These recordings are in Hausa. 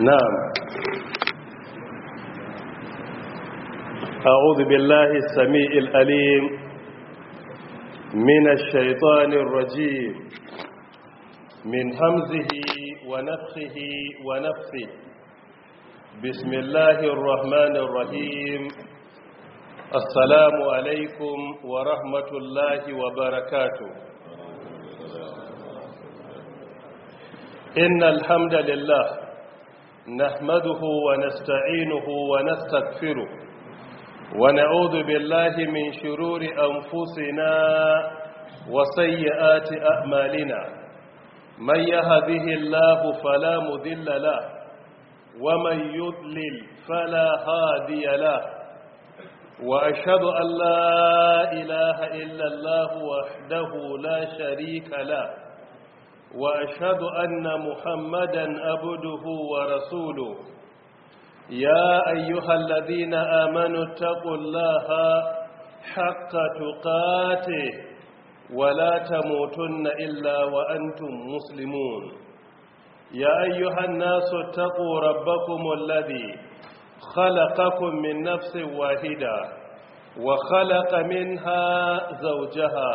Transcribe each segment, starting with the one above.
نعم أعوذ بالله السميع الأليم من الشيطان الرجيم من همزه ونفخه ونفخه بسم الله الرحمن الرحيم السلام عليكم ورحمة الله وبركاته إن الحمد لله نحمده ونستعينه ونستغفره ونعوذ بالله من شرور أنفسنا وسيئات أعمالنا من يهده الله فلا مذل له ومن يضلل فلا هادي له وأشهد أن لا إله إلا الله وحده لا شريك له وأشهد أن محمدا أبده ورسوله يا أيها الذين آمنوا اتقوا الله حق تقاته ولا تموتن إلا وأنتم مسلمون يا أيها الناس اتقوا ربكم الذي خلقكم من نفس واحدة وخلق منها زوجها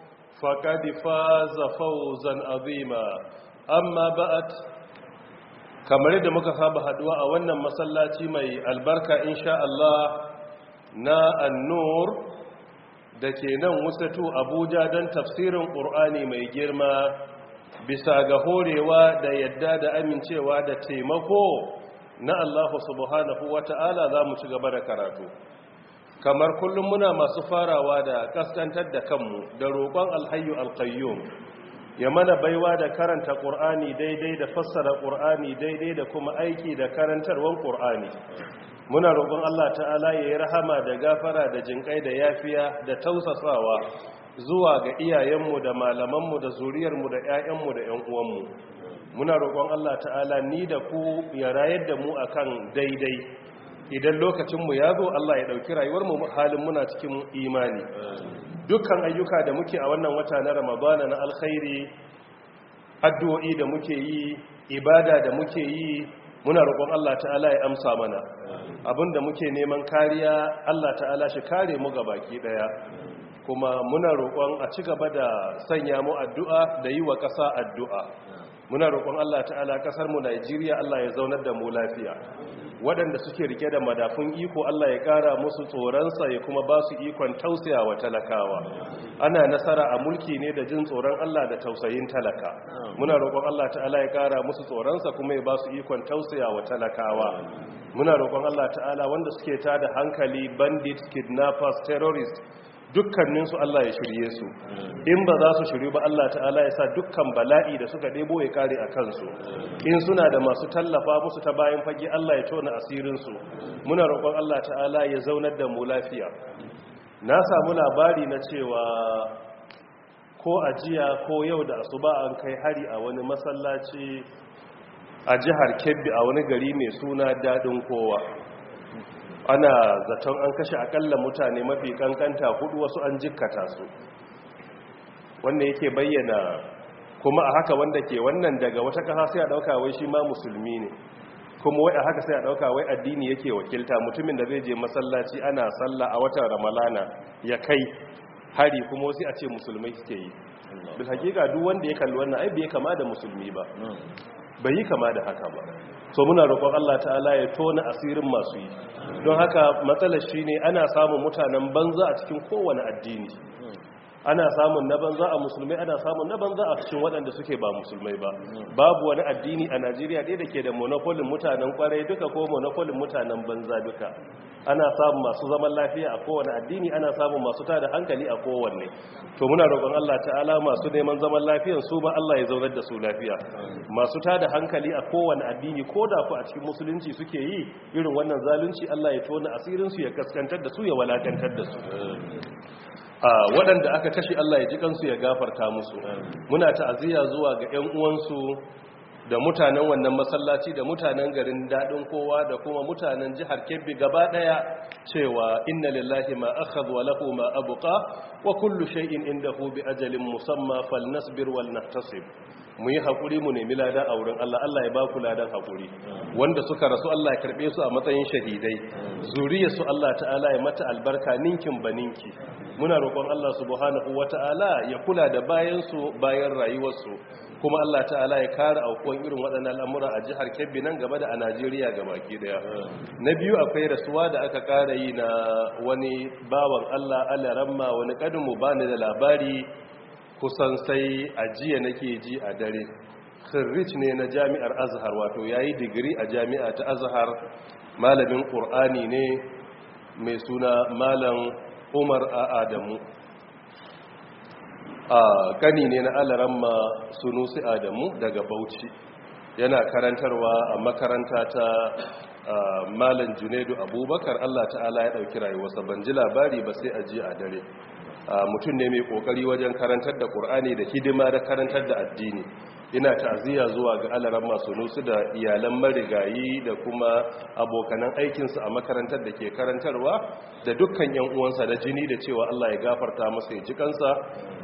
فقد فاز فوزا عظيما اما بعد kamar yadda muka saba haduwa a wannan masallaci mai albarka insha Allah na annur da ke nan wusatu abuja don tafsirin ƙur'ani mai girma bisa ga horewa da yadda da amincewa da taimako na Allah subhanahu wa ta'ala za mu ci gaba da karatu kamar kullum muna masu farawa da kaskantar da kanmu da roƙon alhayu alkayyum ya mana baiwa da karanta ƙur'ani daidai da fassara ƙur'ani daidai da kuma aiki da karantarwar ƙur'ani muna roƙon allah ta'ala ya yi rahama da gafara da jinƙai da yafiya da tausasawa zuwa ga iyayenmu da malamanmu da zuriyarmu da 'ya'yanmu da 'yan uwanmu muna roƙon allah ta'ala ni da ku ya rayar da mu akan daidai idan lokacinmu ya zo Allah ya ɗauki rayuwarmu halin muna cikin imani dukkan ayyuka da muke a wannan wata na ramadana na alkhairi addu'o'i da muke yi ibada da muke yi muna roƙon Allah ta'ala ya amsa mana da muke neman kariya Allah ta'ala shi kare mu ga baki ɗaya kuma muna roƙon a ci gaba da sanya mu addu'a da yi wa ƙasa addu'a muna roƙon Allah ta'ala ƙasar mu Najeriya Allah ya zaunar da mu lafiya waɗanda suke rike da madafun iko Allah ya ƙara musu tsoronsa ya kuma ba su ikon tausayawa talakawa ana nasara a mulki ne da jin tsoron Allah da tausayin talaka muna roƙon Allah ta'ala ya ƙara musu tsoronsa kuma ya ba su ikon tausayawa talakawa muna roƙon Allah ta'ala wanda suke tada hankali bandits kidnappers terrorists dukkaninsu Allah ya shirye su in ba za su shiryu ba Allah ta'ala ya sa dukkan bala'i da suka ɗebo ya kare a kansu in suna da masu tallafa musu ta bayan fage Allah ya tona asirinsu muna roƙon Allah ta'ala ya zaunar da mu lafiya na samu labari na cewa ko a jiya ko yau da asuba an kai hari a wani masallaci a jihar kebbi a wani gari mai suna daɗin kowa ana zaton an kashe akalla mutane mafi kankanta hudu wasu an jikkata su wanda yake bayyana kuma a haka wanda ke wannan daga wata kasa sai a dauka wai shi ma musulmi ne kuma wai a haka sai a dauka wai addini yake wakilta mutumin da zai je masallaci ana sallah a watan ramalana ya kai hari kuma wasu a ce musulmai suke yi bil hakika duk wanda ya kalli wannan ai bai kama da musulmi ba hmm. bai yi kama da haka ba so muna roƙon Allah ta'ala ya tona asirin masu yi don haka matsalar ne ana samun mutanen banza a cikin kowane addini ana samun na banza a musulmai ana samun na banza a cikin waɗanda suke ba musulmai ba babu wani addini a najeriya ɗaya da ke da monopolin mutanen kwarai duka ko monopolin mutanen banza duka ana samun masu zaman lafiya a kowane addini ana samun masu tada hankali a kowanne to muna roƙon allah ta'ala masu neman zaman lafiyan su ba allah ya zaunar da su lafiya masu tada hankali a kowane addini ko da ku a cikin musulunci suke yi irin wannan zalunci allah ya tona asirinsu ya kaskantar da su ya walakantar da su waɗanda aka kashe Allah ya ji kansu ya gafarta musu muna ta'aziyya zuwa ga 'yan uwansu da mutanen wannan masallaci da mutanen garin daɗin kowa da kuma mutanen jihar kebbi gaba ɗaya cewa inna lillahi ma akhadha wa lahu ma abqa wa kullu shay'in indahu bi ajalin musamma falnasbir wal nahtasib mu yi haƙuri mu nemi lada a wurin Allah Allah ya ba ku ladan haƙuri wanda suka rasu Allah ya karɓe su a matsayin shahidai su Allah ta'ala ya mata albarka ninkin baninki muna roƙon Allah subhanahu wata'ala ya kula da bayansu bayan rayuwarsu kuma Allah ta'ala ya kare aukuwan irin waɗannan al'amura a jihar Kebbi nan gaba da a Najeriya gabaki daya na biyu akwai rasuwa da aka ƙara yi na wani bawan Allah Allah ramma wani kadin mu bani da labari kusan sai a jiya nake ji a dare khirrij ne na jami'ar azhar wato yayi digiri a jami'a ta azhar malamin qur'ani ne mai suna malam umar a adamu a kani ne na alaramma sunusi adamu daga bauchi yana karantarwa a makaranta ta malam junaidu abubakar allah ta'ala ya ɗauki rayuwarsa ban ji labari ba sai a ji a dare mutum ne mai kokari wajen karantar da Ƙur'ani da hidima da karantar da addini ina ta'aziyya zuwa ga alaran masu nusu da iyalan marigayi da kuma abokanan aikinsu a makarantar da ke karantarwa da dukkan yan uwansa da jini da cewa Allah ya gafarta masa ya jikansa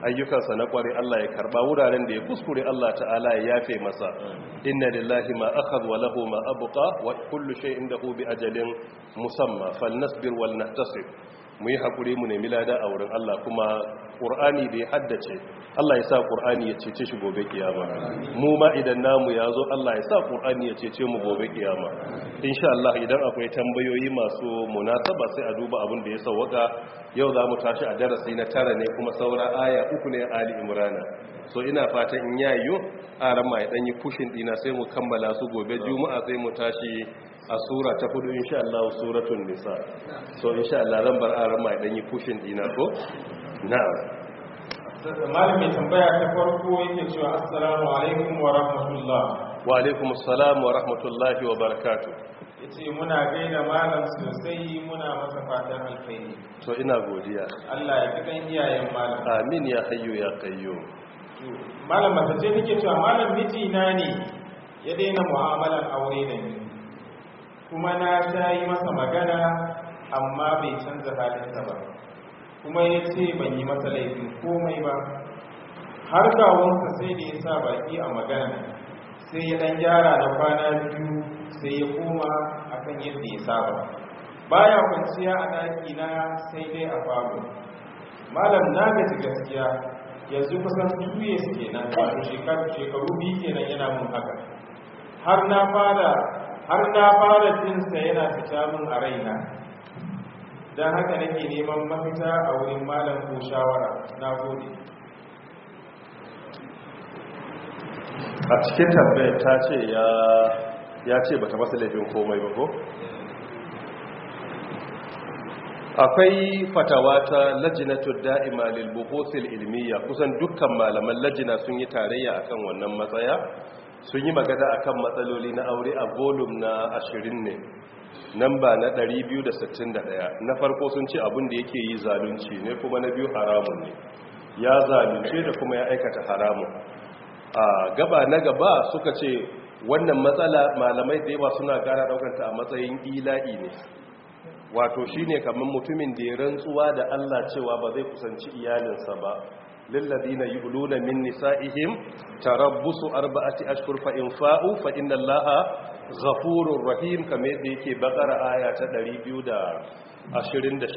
ayyukansa na ƙware Allah ya karɓa. wuraren da ya kuskure Allah ta'ala ya yafe masa inna lillahi ma akhadha wa lahu ma abqa wa kullu shay'in dahu bi ajalin musamma falnasbir wal nahtasib mu yi haƙuri mu nemi lada a wurin Allah kuma ƙur'ani da ya haddace Allah ya sa ƙur'ani ya cece shi gobe kiyama mu ma idan namu ya zo Allah ya sa ƙur'ani ya cece mu gobe kiyama insha Allah idan akwai tambayoyi masu munasaba sai a duba abin da ya sauwaka yau za mu tashi a darasi na tara ne kuma saura aya uku ne Ali Imrana so ina fatan in yayo aran ma ya danyi yi kushin dina sai mu kammala su gobe juma'a sai mu tashi a sura ta hudu insha Allah suratul nisa so insha Allah zan bar aran mai dan yi pushing dina ko na'am malami tambaya ta farko yake cewa assalamu alaikum wa rahmatullah wa alaikum assalam wa rahmatullahi wa barakatuh yace muna gaida malam sosai muna masa fatan alkhairi to ina godiya Allah ya kiyan iyayen malam amin ya hayyu ya qayyum malam ta ce nake cewa malam miji na ne ya daina mu'amalar aure da ni kuma na ta yi masa magana amma bai canza halinsa ba kuma ya ce ban yi masa laifin komai ba har kawunsa sai da ya sa baki a magana sai ya dan gyara na kwana biyu sai ya koma akan yadda ya saba baya kwanciya a ɗaki na sai dai a faru malam na gaji gaskiya yanzu kusan two suke nan wato shekaru biyu kenan yana mun haka har na fara har na fara sa yana fita min a raina don haka nake neman mafita a wurin malam ko shawara na gode a cikin tambayar ta ce ya ce bata masa laifin komai ba ko akwai fatawa ta lajinatu da'ima lil buhuthil ilmiya kusan dukkan malaman lajina sun yi tarayya akan wannan matsaya sun yi magana a kan matsaloli na aure a volume na 20 ne ba na 261 na farko sun ce abin da yake yi zalunci ne kuma na biyu haramun ne ya zalunce da kuma ya aikata haramun a gaba na gaba suka ce wannan matsala malamai da yawa suna gara daukanta a matsayin ila'i ne wato shine kamar mutumin da ya rantsuwa da Allah cewa ba zai kusanci iyalinsa ba للذين يؤلون من نسائهم تربص أربعة أشهر فإن فاءوا فإن الله غفور رحيم كما يديك بقرة آية دريبيو دا أشرين دا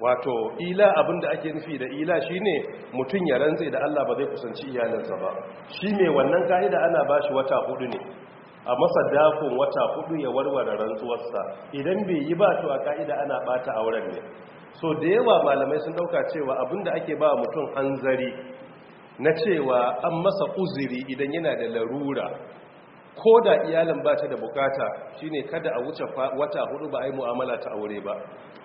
wato ila abinda ake nufi da ila shine mutun ya rantsa da Allah ba zai kusanci iyalansa ba shi mai wannan kaida ana bashi wata hudu ne a masa wata hudu ya warware rantsuwarsa idan bai yi ba to a kaida ana bata auren ne so da yawa malamai sun dauka cewa abinda ake ba mutum hanzari na cewa an masa uzuri idan yana da larura ko da iyalin ba ta da bukata ne kada a wuce wata hudu ba a yi mu'amala ta aure ba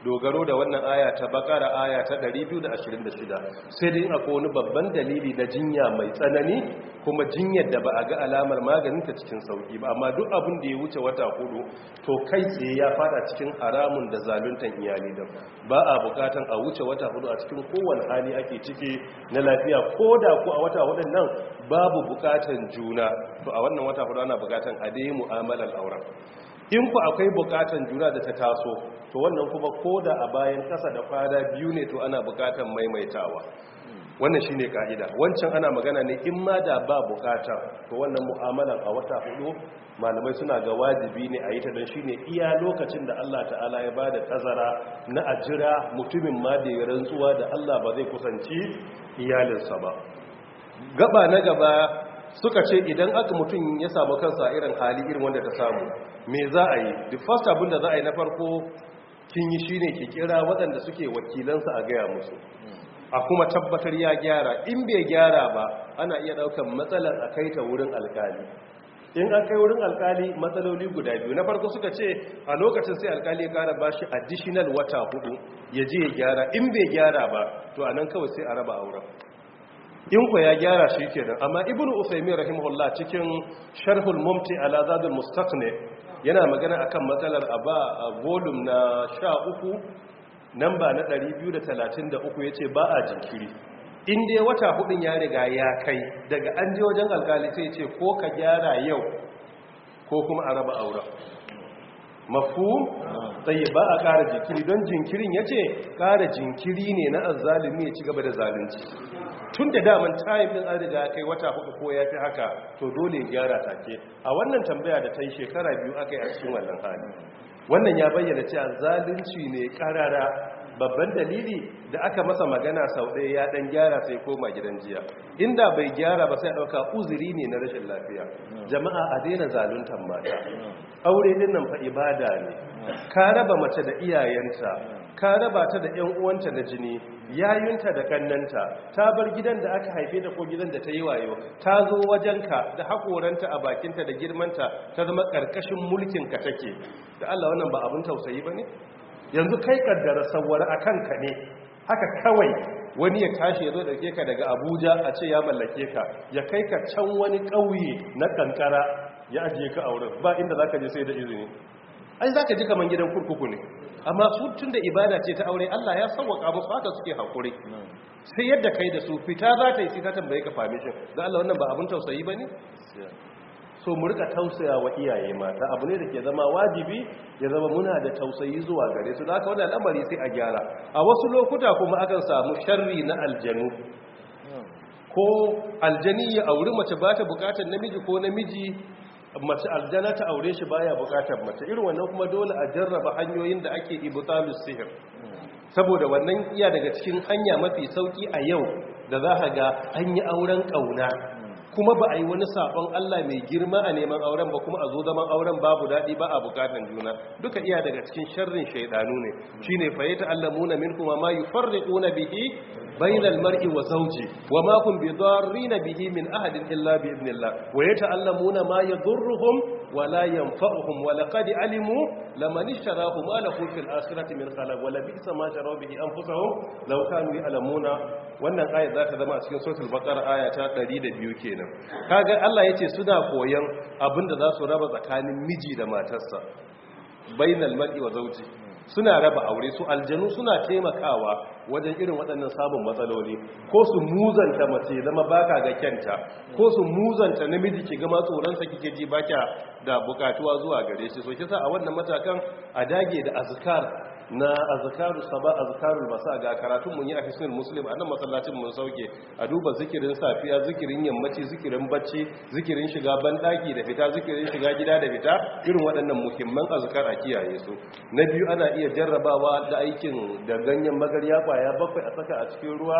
dogaro da wannan aya ta bakara aya ta 226 sai dai akwai wani babban dalili na jinya mai tsanani kuma jinyar da ba a ga alamar maganin ta cikin sauki ba amma duk abin da ya wuce wata hudu to kai tsaye ya fada cikin haramun da zaluntan iyali da ba a bukatan a wuce wata hudu a cikin kowane hali ake ciki na lafiya ko da ku a wata hudun nan babu bukatan juna to a wannan wata hudu ana bukatan a dai mu'amalar auren in ku akwai bukatan juna da ta taso to wannan kuma ko da a bayan kasa da fada biyu ne to ana bukatan maimaitawa wannan shine ka'ida wancan ana magana ne in ma da ba bukata to wannan mu'amalar a wata hudu malamai suna ga wajibi ne a yi ta don shine iya lokacin da Allah ta'ala ya bada tazara na ajira mutumin ma da ya rantsuwa da Allah ba zai kusanci iyalinsa ba gaba na gaba suka ce idan aka mutum ya samu kansa irin hali irin wanda ta samu me za a yi the first abin da za a yi na farko kin yi shi ne ki kira waɗanda suke wakilansa a gaya musu a kuma tabbatar ya gyara in bai gyara ba ana iya ɗaukar matsalar a kai ta wurin alkali in an kai wurin alkali matsaloli guda biyu na farko suka ce a lokacin sai alkali ya kara bashi additional wata hudu ya je ya gyara in bai gyara ba to anan kawai sai a raba auren in ku ya gyara shi ke nan, amma ibnu usaymin rahimahullah cikin sharhul mumti ala zadul mustaqni yana magana akan matsalar aba a volume na 13 namba na 233 yace ba a jinkiri in dai wata hudun ya riga ya kai daga an je wajen alkali sai ce ko ka gyara yau ko kuma a raba auren mafu tsaye ba a ƙara jinkiri don jinkirin yace ce ƙara jinkiri ne na azzalumi ya ci gaba da zalunci tun da daman tayin din an riga kai wata hudu ko ya fi haka to dole gyara gyara take a wannan tambaya da ta yi shekara biyu aka yi a cikin wannan hali wannan ya bayyana cewa zalunci ne karara babban dalili da aka masa magana sau ɗaya ya ɗan gyara sai koma gidan jiya inda bai gyara ba sai ɗauka uzuri ne na rashin lafiya jama'a a daina zaluntar mata aure din nan fa ibada ne ka raba mace da iyayenta ka raba ta da ‘yan uwanta na jini yayunta da kannanta ta bar gidan da aka haife ta ko gidan da ta yi wayo ta zo wajenka da haƙoranta a bakinta da girmanta ta zama ƙarƙashin ka take da Allah wannan ba abin tausayi ba ne yanzu kai kaddara sawwar a kanka ne haka kawai wani ya tashi ya zo ɗauke ka daga abuja a ce ya mallake ka ya kai ka can wani ƙauye na kankara ya ajiye ka a wurin ba inda za ka je sai da izini ai za ka ji kamar gidan kurkuku ne amma su tun da ibada ce ta aure Allah ya sauwaka musu haka suke hakuri sai yadda kai da su fita za ta yi sai ka tambaye ka permission dan Allah wannan ba abin tausayi bane so mu rika tausaya wa iyaye mata abu ne da ke zama wajibi ya zama muna da tausayi zuwa gare su da haka wannan al'amari sai a gyara a wasu lokuta kuma akan samu sharri na aljanu ko aljani ya auri mace ba ta bukatar namiji ko namiji mace aljana ta aure shi baya bukatar mace irin wannan kuma dole a jarraba hanyoyin da ake ibtalu sihir saboda wannan iya daga cikin hanya mafi sauki a yau da za ka ga an yi auren kauna kuma ba a yi wani sabon Allah mai girma a neman auren ba kuma a zo zaman auren babu daɗi ba a bukatan juna duka iya daga cikin sharrin shaidanu ne shine fa yata min kuma ma yufarriquna bihi bainal mar'i wa zawji wa ma hum bidarrin bihi min ahadin illa bi idnillah wa yata allamuna ma zurruhun. wala yanfa'uhum wa laqad alimu laman ishtarahu ma lahu fil akhirati min khalaq wala bi'sa ma sharaw bihi anfusahum law kanu ya'lamuna wannan ayat za ta zama a cikin suratul baqara aya ta 102 kenan kaga Allah yace suna koyan abinda za su raba tsakanin miji da matarsa bainal mar'i wa zawji suna raba aure su aljanu suna taimakawa wajen irin waɗannan sabon matsaloli ko su muzanta mace zama baka ga kyanta ko su muzanta namiji ki gama sa kike ji baka da bukatuwa zuwa gare shi so kisa a wannan matakan a dage da azkar na azkaru saba azkarul masa ga karatun mun yi a hisnul muslim a nan masallacin mun sauke a duba zikirin safiya zikirin yammaci zikirin bacci zikirin shiga banɗaki da fita zikirin shiga gida da fita irin waɗannan muhimman azkar a kiyaye su na biyu ana iya jarrabawa da aikin da ganyen magarya kwaya bakwai a saka a cikin ruwa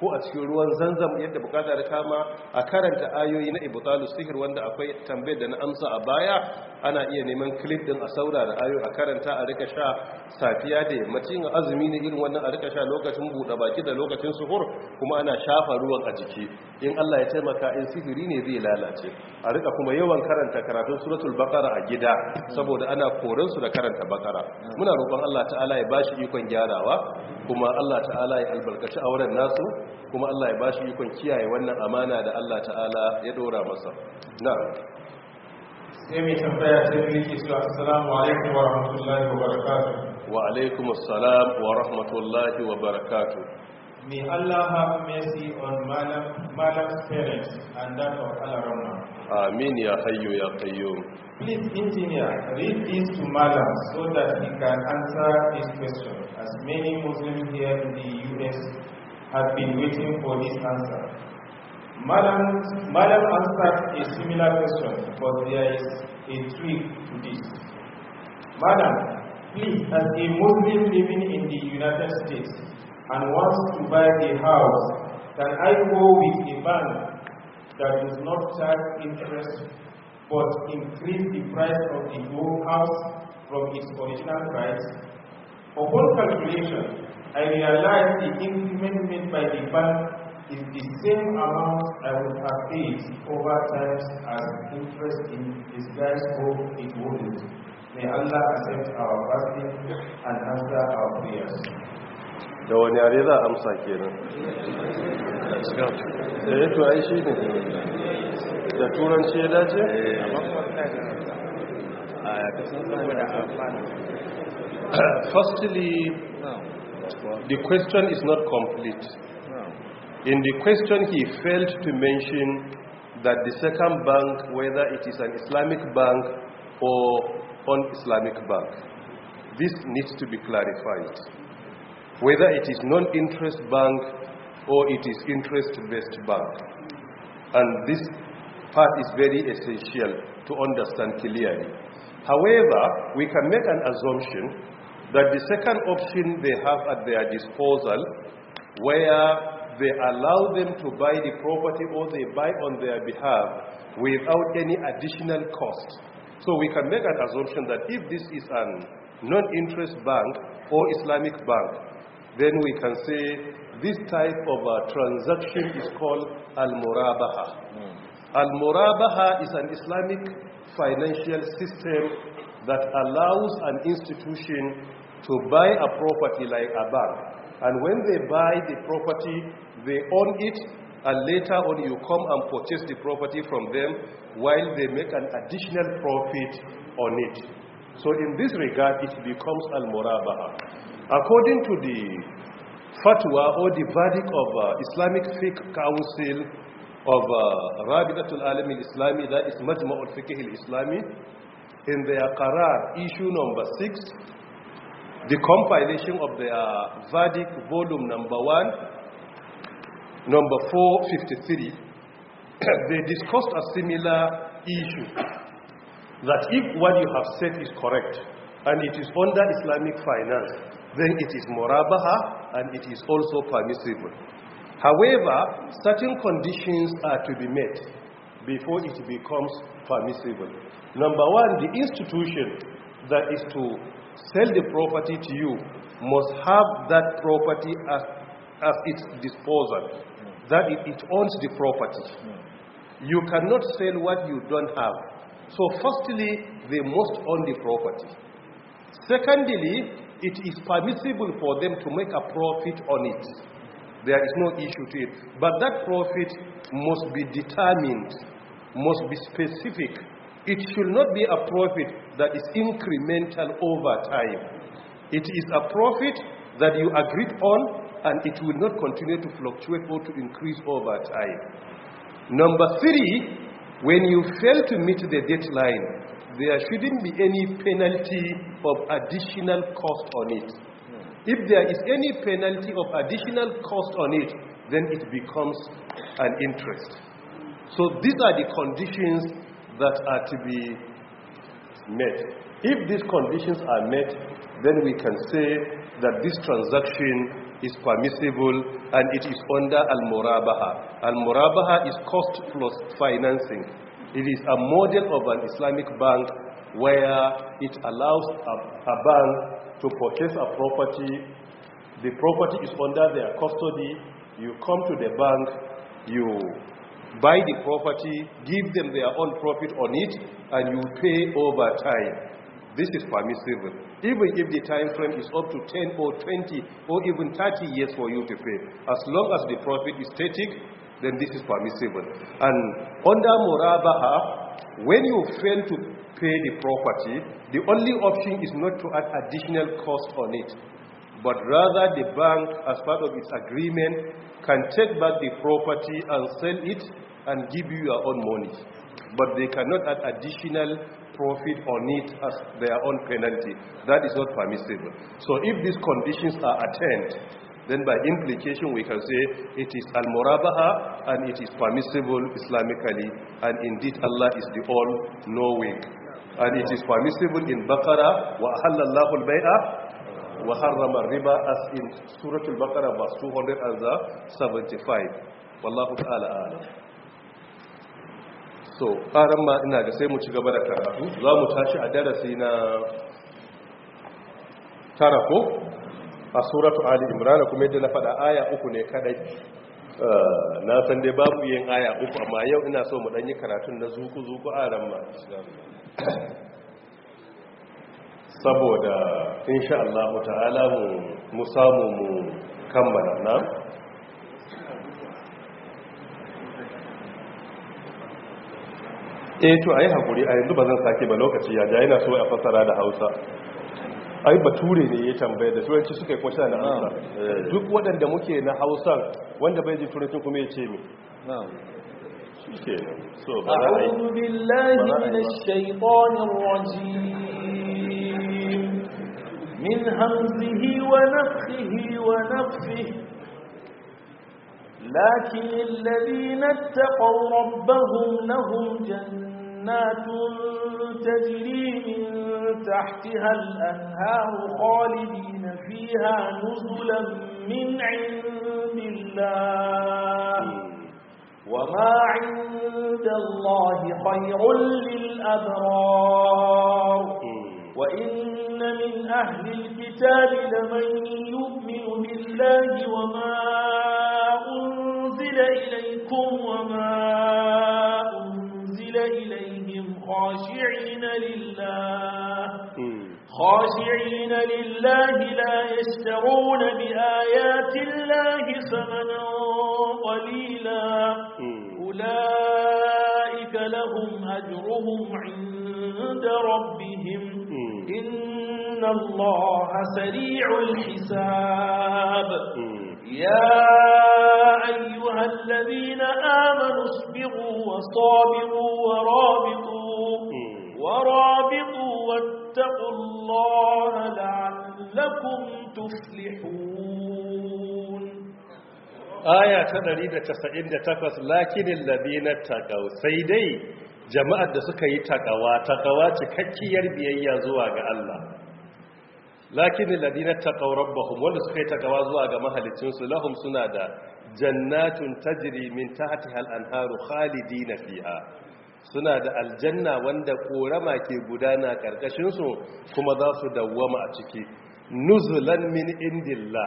ko a cikin ruwan zanzam yadda bukata da kama a karanta ayoyi na ibtalu sihir wanda akwai tambayar da na amsa a baya ana iya neman clip din a saura da ayo a karanta a rika sha safiya safiya da yammacin azumi ne irin wannan a rika sha lokacin buɗe baki da lokacin suhur kuma ana shafa ruwan a jiki in Allah ya taimaka in sihiri ne zai lalace a rika kuma yawan karanta karatun suratul baqara a gida saboda ana koran su da karanta baqara muna roƙon Allah ta'ala ya bashi ikon gyarawa kuma Allah ta'ala ya albarkaci auren nasu kuma Allah ya bashi ikon kiyaye wannan amana da Allah ta'ala ya dora masa na'am sai mai tambaya ta biyu ke cewa assalamu alaikum wa rahmatullahi wa barakatu wa alaikum assalam wa rahmatullahi wa barakatu may Allah have mercy on malam malam's parents and that of Alarama amin ya hayyu ya qayyum please engineer read this to malam so that he can answer this question as many muslims here in the US have been waiting for this answer Madam, Madam answered a similar question, but there is a trick to this. Madam, please, as a Muslim living in the United States and wants to buy a house, can I go with a bank that does not charge interest but increase the price of the whole house from its original price? Upon calculation, I realized the increment made by the bank is the same amount I would have paid over times as interest in disguise hope it wouldn't. May Allah accept our fasting and answer our prayers. da wani yare za a amsa kenan da ya tuwa shi ne da turanci ya dace? firstly the question is not complete in the question, he failed to mention that the second bank, whether it is an Islamic bank or non-Islamic bank, this needs to be clarified. Whether it is non-interest bank or it is interest-based bank. And this part is very essential to understand clearly. However, we can make an assumption that the second option they have at their disposal, where they allow them to buy the property or they buy on their behalf without any additional cost. So we can make an assumption that if this is a non-interest bank or Islamic bank, then we can say this type of a uh, transaction is called al-murabaha. Mm. Al-murabaha is an Islamic financial system that allows an institution to buy a property like a bank. And when they buy the property, they own it, and later on you come and purchase the property from them while they make an additional profit on it. So in this regard, it becomes al-murabaha. According to the fatwa or the verdict of uh, Islamic Fiqh Council of uh, Rabidatul Alam al-Islami, that is Majmaul fiqh al-Islami, in their Qarar, issue number 6, the compilation of their uh, verdict, volume number 1, number 453, they discussed a similar issue that if what you have said is correct and it is under Islamic finance, then it is murabaha and it is also permissible. However, certain conditions are to be met before it becomes permissible. Number one, the institution that is to sell the property to you must have that property as, as its disposal that it, it owns the property. You cannot sell what you don't have. So, firstly, they must own the property. Secondly, it is permissible for them to make a profit on it. There is no issue to it. But that profit must be determined, must be specific. It should not be a profit that is incremental over time. It is a profit that you agreed on and it will not continue to fluctuate or to increase over time. Number three, when you fail to meet the deadline, there shouldn't be any penalty of additional cost on it. If there is any penalty of additional cost on it, then it becomes an interest. So these are the conditions that are to be met. If these conditions are met, then we can say that this transaction is permissible and it is under al-murabaha. Al-murabaha is cost plus financing. It is a model of an Islamic bank where it allows a, a bank to purchase a property. The property is under their custody. You come to the bank, you buy the property, give them their own profit on it, and you pay over time. This is permissible even if the time frame is up to 10 or 20 or even 30 years for you to pay. As long as the profit is static, then this is permissible. And under Murabaha, when you fail to pay the property, the only option is not to add additional cost on it, but rather the bank, as part of its agreement, can take back the property and sell it and give you your own money. But they cannot add additional profit or need as their own penalty. That is not permissible. So if these conditions are attained, then by implication we can say it is al-murabaha and it is permissible Islamically and indeed Allah is the all-knowing. And it is permissible in Baqarah, وَأَحَلَّ bayah wa وحرم riba as in Surah Al-Baqarah verse 275 Wallahu تعالى أعلم So karan ma ina ga sai mu ci gaba da karatu za mu tashi a darasi na tara ko a suratu ali imrana kuma yadda na faɗa aya uku ne kadai eh, na san dai babu yin aya uku amma yau ina so mu ɗan yi karatun na zuku-zuku a ran ma saboda insha Allah ta'ala mu samu mu kammala na eh to ayi hakuri a yanzu ba zan sake ba lokaci ya ja yana so a fassara da Hausa ai bature ne ya tambaya da turanci suka yi kuma suna na ah, hausa eh. duk waɗanda muke na hausa wanda bai ji turanci kuma ya ce mi أعوذ بالله من الشيطان الرجيم من همزه ونفخه ونفخه لكن الذين اتقوا ربهم لهم جنات جنات تجري من تحتها الأنهار خالدين فيها نزلا من عند الله وما عند الله خير للأبرار وإن من أهل الكتاب لمن يؤمن بالله وما أنزل إليكم وما أنزل إليكم خاشعين لله خاشعين لله لا يشترون بآيات الله ثمنا قليلا أولئك لهم أجرهم عند ربهم إن الله سريع الحساب يا أيها الذين آمنوا اصبروا وصابروا ورابطوا ورابطوا واتقوا ta ɗari تفلحون آية تدريد تسعين تقص لكن الذين اتقوا سيدي jama'ar da suka yi takawa takawa cikakkiyar biyayya zuwa ga Allah lakinin ladina taqaw rabbahum wanda suka yi takawa zuwa ga mahalicin su lahum suna da jannatun tajirimin min tahtiha anharu khalidina fiha suna da aljanna wanda korama ke gudana karkashinsu kuma za su dawwama a ciki nuzulan min Indilla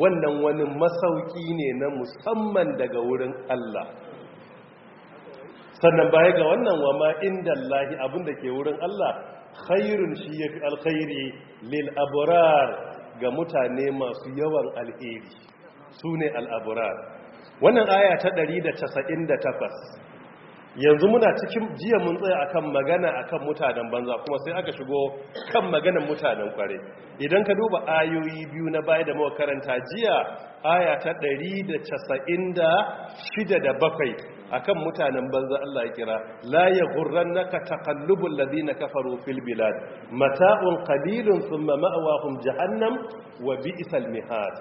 wannan wani masauki ne na musamman daga wurin Allah sannan baya ga wannan wa ma indallahi abinda ke wurin Allah khairun shi yafi alkhairi lil abrar ga mutane masu yawan alheri sune al abrar wannan aya ta 198 yanzu muna cikin jiya mun tsaya akan magana akan mutanen banza kuma sai aka shigo kan maganan mutanen kware idan ka duba ayoyi biyu na baya da muka karanta jiya aya ta 196 da bakwai akan mutanen banza Allah ya kira la yaghurrannaka taqallubul ladina kafaru fil bilad mata'un qalilun thumma ma'awahum jahannam wa bi'sal mihad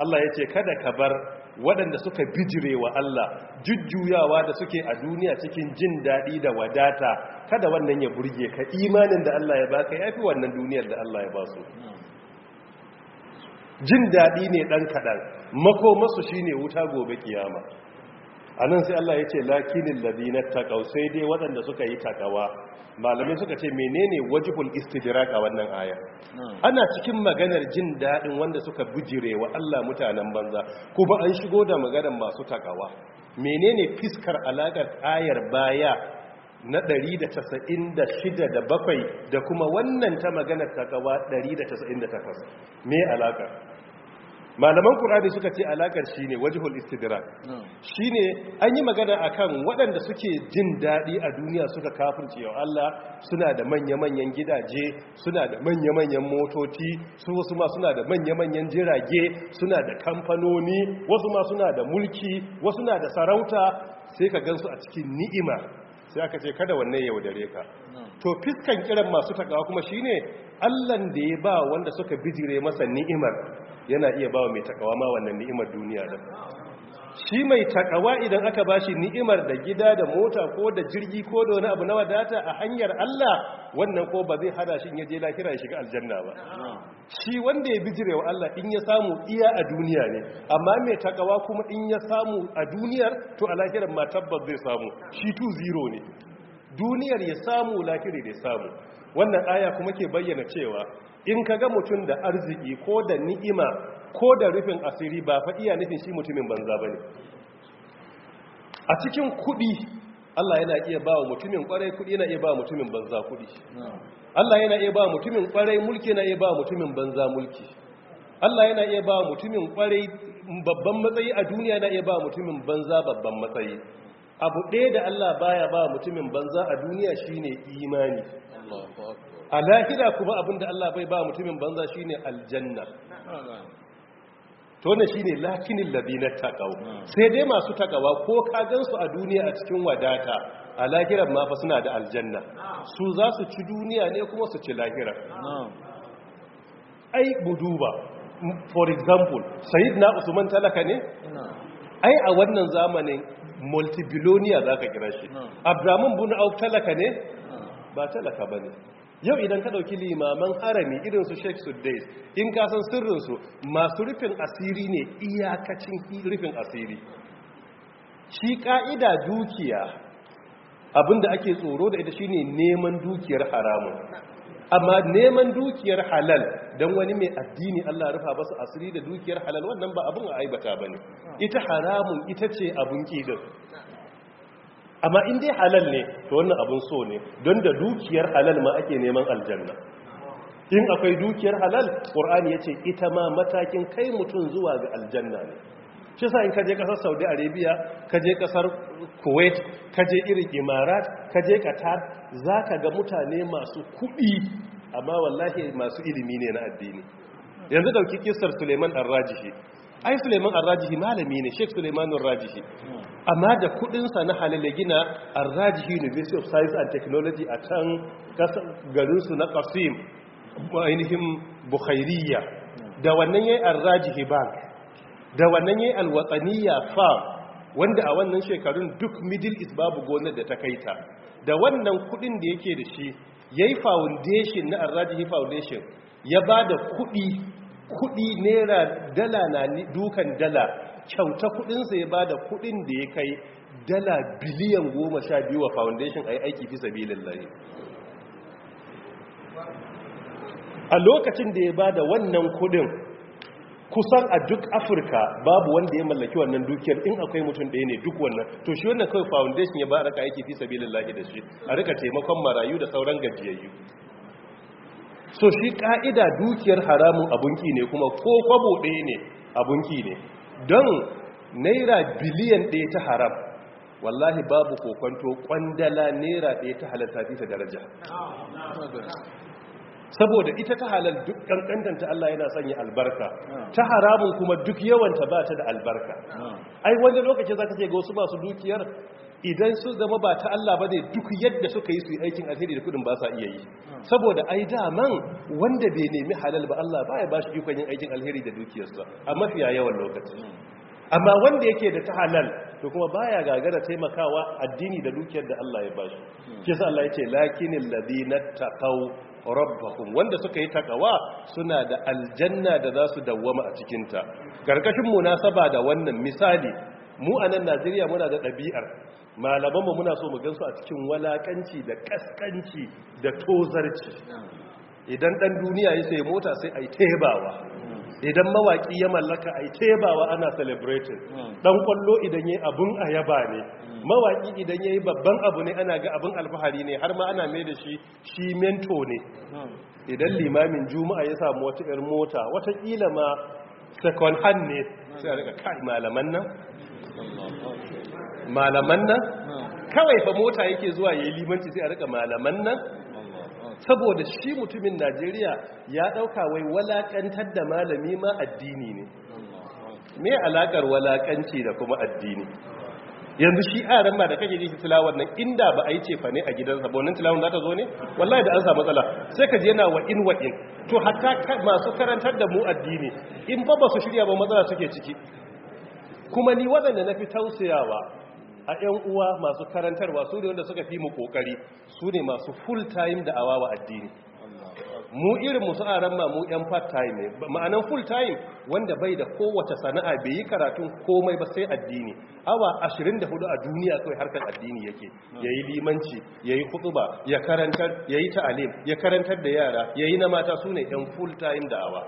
Allah yace kada ka bar waɗanda suka bijire wa Allah jujjuyawa da suke a duniya cikin jin daɗi da wadata kada wannan ya burge ka imanin da Allah ya baka ya fi wannan duniyar da Allah ya ba su jin daɗi ne ɗan kaɗan makomasu shi ne wuta gobe kiyama A nan sai Allah ya ce lakinin ladina taqaw sai dai waɗanda suka yi takawa malamai suka ce menene wajibul istidrak a wannan aya hmm. ana cikin maganar jin daɗin wanda suka wa Allah mutanen banza kuma an shigo da maganar masu takawa menene fiskar alakar ayar baya na 196 da bakwai da kuma wannan ta maganar takawa 198 me alaƙar malaman Kur'ani suka ce alakar shine wajhul hmm. Shi ne, an yi magana a kan waɗanda suke jin daɗi a duniya suka kafirce Yau Allah suna da manya-manyan gidaje suna da manya-manyan motoci su wasu ma suna da manya-manyan jirage suna da kamfanoni wasu ma suna da mulki wasu na da sarauta sai ka gansu a cikin ni'ima sai aka ce kada wanne yaudare ka hmm. to fiskan kiran masu takawa kuma shine Allah da ya ba wanda suka bijire masa ni'imar yana iya bawa mai takawa ma wannan ni'imar duniya da shi mai takawa idan aka ba shi ni'imar da gida da mota ko da jirgi ko da wani abu na wadata a hanyar Allah wannan ko ba zai hada shi in je lahira ya shiga aljanna ba shi wanda ya bijire wa Allah in ya samu iya a duniya ne amma mai takawa kuma in ya samu a duniyar to a lahirar ma tabbas zai samu shi tu zero ne duniyar ya samu lahiri da ya samu wannan aya kuma ke bayyana cewa in ka ga mutum da arziki ko da ni'ima ko da rufin asiri ba fa iya nufin shi mutumin banza ba ne a cikin kuɗi Allah yana iya ba wa mutumin kwarai kuɗi yana iya ba wa mutumin banza kuɗi Allah yana iya ba wa mutumin kwarai mulki yana iya ba wa mutumin banza mulki Allah yana iya ba wa mutumin kwarai babban matsayi a duniya yana iya ba wa mutumin banza babban matsayi abu ɗaya da Allah baya ba wa mutumin banza a duniya shine imani a lahira kuma abinda Allah bai ba mutumin banza shine aljanna to ne shine lakinin ladina taqaw sai dai masu takawa ko ka gansu a duniya a cikin wadata a lahirar ma fa suna da aljanna su za su ci duniya ne kuma su ci lahirar ai buduba for example na usman talaka ne ai a wannan zamanin multibiloniya zaka kira shi abdurrahman bin auf talaka ne ba talaka bane yau idan ka ɗauki limaman harami irin su su dais, in ka san sirrinsu masu rufin asiri ne iyakacin rufin asiri shi ka'ida dukiya abinda ake tsoro da ita shine neman dukiyar haramun amma neman dukiyar halal don wani mai addini Allah rufa basu asiri da dukiyar halal wannan ba abin a aibata ba ne. ita haramun ita ce abun kidin amma in dai halal ne to wannan abin so ne don da dukiyar halal ma ake neman aljanna in akwai dukiyar halal ƙur'ani ya ce ita ma matakin kai mutum zuwa ga aljanna ne shi sa in kaje kasar saudi arabia kaje kasar kuwait kaje irin imarat kaje qatar za ka ga mutane masu kuɗi amma wallahi masu ilimi ne na addini yanzu ɗauki kisar suleiman arrajihi ai suleiman arrajihi malami ne sheik suleiman arrajihi amma da kudinsa na halile gina arrajihi university of science and technology a can garinsu na kasim ainihin bukhairiyya da wannan yayi arrajihi bank da wannan yayi alwataniya farm wanda a wannan shekarun duk middle east babu gonar da ta kaita da wannan kudin da yake da shi yayi foundation na arrajihi foundation ya ba da kudi kudi naira dala na dukan dala kyauta kudinsa ya bada kudin da ya kai dala biliyan goma sha biyu wa foundation a yi aiki fi sabi lallari a lokacin da ya bada wannan kudin kusan a duk afirka babu wanda ya mallaki wannan dukiyar in akwai mutum ɗaya ne duk wannan to shi wannan kawai foundation ya ba a raka aiki fi sabi lallari da shi a rika taimakon marayu da sauran gajiyayyu so shi ka'ida dukiyar haramun abunki ne kuma ko kwabo ɗaya ne abunki ne don naira biliyan ɗaya ta haram wallahi babu kokwanto kwandala naira ɗaya ta halatta fi ta daraja saboda ita ta halal duk kankantanta Allah yana sanya albarka ta haramun kuma duk yawanta ba ta da albarka ai wanda lokaci za ka ce ga wasu masu dukiyar idan su zama ba ta Allah ba ne duk yadda suka yi su yi aikin alheri da kudin ba sa iya yi saboda ai daman wanda bai nemi halal ba Allah ba ya ba shi ikon yin aikin alheri da dukiyarsa a mafi yawan lokaci amma wanda yake da ta halal to kuma baya gagara taimakawa addini da dukiyar da Allah ya bashi shi sa Allah yace lakinil ladina taqaw rabbakum wanda suka yi takawa suna da aljanna da za su dawwama a cikin ta karkashin munasaba da wannan misali mu a nan Najeriya muna da ɗabi'ar malamanmu muna so mu gansu a cikin walakanci da kaskanci da tozarci idan dan duniya ya sai mota sai a tebawa idan mawaki ya mallaka a tebawa ana celebrating dan kwallo idan ya abun a yaba ne mawaki idan ya yi babban abu ne ana ga abin alfahari ne har ma ana mai da shi shi mento ne idan limamin juma'a ya samu wata 'yar mota watakila ma second hand ne sai a kai malaman nan malaman nan kawai fa mota yake zuwa yayi limanci sai a rika malaman nan saboda shi mutumin Najeriya ya dauka wai walakantar da malami ma addini ne me alakar walakanci da kuma addini yanzu shi aran ma da kake ji tilawar nan inda ba a yi cefa ne a gidansa ba wannan tilawar za ta zo ne wallahi da an samu matsala sai ka je yana wa in wa in to hatta masu karantar da mu addini in ba ba su shirya ba matsala suke ciki kuma ni waɗanda na fi tausayawa a ƴan uwa masu karantarwa su ne wanda suka fi mu kokari su ne masu full time da awawa addini mu irin musu a ranma mu ƴan part time ne ma'anan full time wanda bai da kowace sana'a bai yi karatun komai ba sai addini awa 24 a duniya kawai harkar addini yake yi limanci ya yi khutba ya karantar yi ta'alim ya karantar da yara ya yi na mata su ne ƴan full time da awa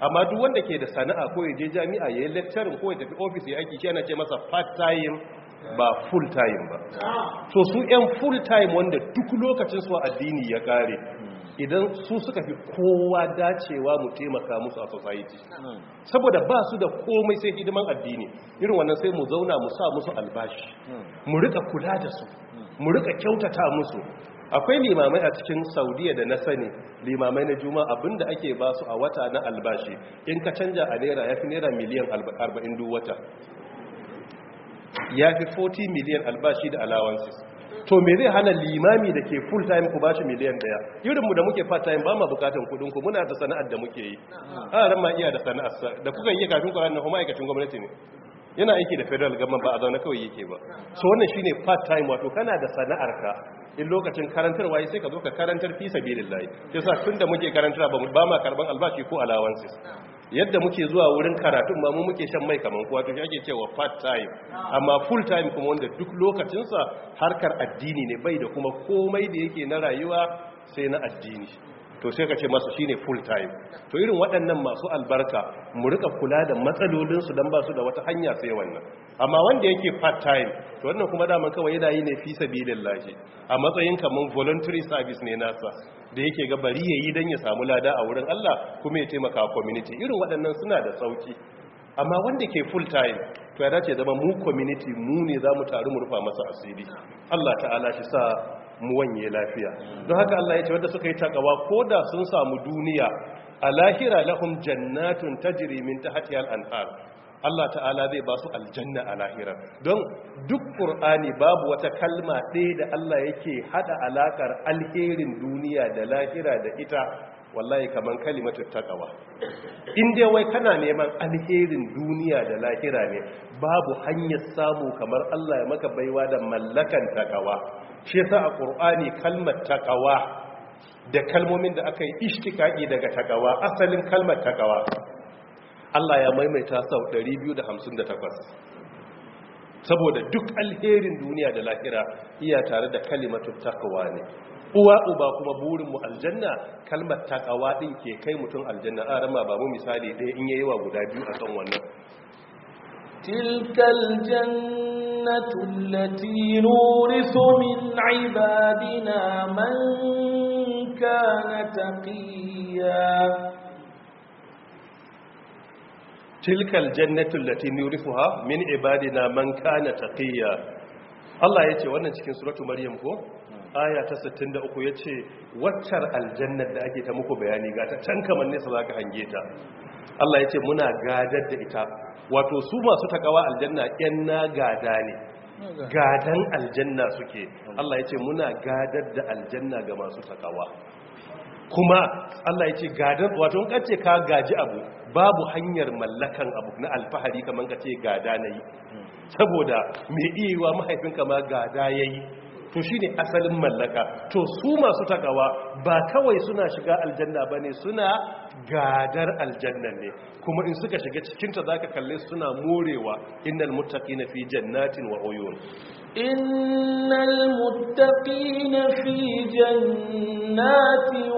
amma duk wanda ke da sana'a ko ya je jami'a ya yi lecturing ko ya tafi ofis ya aiki shi ana ce masa part time ba full time ba so su yan full time wanda duk lokacin su addini ya kare idan su suka fi kowa dacewa mu taimaka musu a society saboda ba su da komai sai hidiman addini irin wannan sai mu zauna mu sa musu albashi mu rika kula da su mu rika kyautata musu akwai limamai a cikin saudiya da na sani limamai na juma abinda ake ba su a wata na albashi in ka canja a naira ya fi naira miliyan arba'in duk wata ya fi 40 miliyan albashi da allowances to me zai hana limami da ke full time ku bashi miliyan daya irin mu da muke part time ba ma bukatan kudin ku muna da sana'ar da muke yi a ran ma iya da sana'ar da kuka yi kafin ku ranar kuma aikacin gwamnati ne yana aiki da federal government ba a zaune kawai yake ba so wannan shine part time wato kana da sana'ar ka in lokacin karantarwa sai ka zo ka karantar fi sabilillah yasa tunda muke karantar ba mu ba ma karban albashi ko allowances yadda muke zuwa wurin karatun ma mu muke shan mai kaman kuwa to shi ake cewa part time amma full time kuma wanda duk lokacinsa harkar addini ne bai da kuma komai da yake na rayuwa sai na addini to sai ka ce masa shine full time to irin waɗannan masu albarka mu rika kula da matsalolin su dan ba su da wata hanya sai wannan amma wanda yake part time to wannan kuma da daman kawai yana yi ne fi sabilillahi a matsayin kaman voluntary service ne nasa da yake ga bari yayi dan ya samu lada a wurin Allah kuma ya taimaka community irin waɗannan suna da sauki amma wanda ke full time to ya dace zama mu community mu ne za mu taru mu rufa masa asiri Allah ta'ala shi sa mu wanye lafiya don haka Allah ya ce wanda suka yi takawa ko da sun samu duniya a lahira lahum jannatun tajri min tahti al-anhar Allah ta'ala zai ba su aljanna a lahira don duk qur'ani babu wata kalma ɗaya da Allah yake hada alakar alherin duniya da lahira da ita wallahi kaman kalimatu taqwa in dai wai kana neman alherin duniya da lahira ne babu hanyar samu kamar Allah ya maka baiwa da mallakan taqwa shi sa a qur'ani kalmar taqwa da kalmomin da aka yi ishtikaki daga taqwa asalin kalmar taqwa Allah ya maimaita sau 258 saboda duk alherin duniya da lahira iya tare da kalimatu taqwa ne uwa uba kuma burinmu aljanna kalmar takawa din ke kai mutum aljanna a rama ba mu misali ɗaya in yayi wa guda biyu a kan wannan tilkal jannatu allati nurisu min ibadina man kana taqiya tilkal jannatu allati nurisuha min ibadina man kana taqiya Allah ya ce wannan cikin suratu Maryam ko aya ta 63 ya ce waccar aljannar da ake ta muku bayani ga ta can kamar nesa za ka hange ta Allah ya ce muna gadar da ita wato su masu takawa aljanna yan na gada ne gadan aljanna suke Allah ya ce muna gadar da aljanna ga masu takawa kuma Allah ya ce gadar wato ka ce ka gaji abu babu hanyar mallakan abu na alfahari kamar ka ce gada na yi saboda mai iya yiwa mahaifinka ma gada ya yi to shi ne asalin mallaka to su masu takawa ba kawai suna shiga aljanna ba ne suna gadar aljanna ne kuma in suka shiga cikinta za ka kalle suna morewa innal mutaki na fi jannatin wa oyun إن المتقين في جنات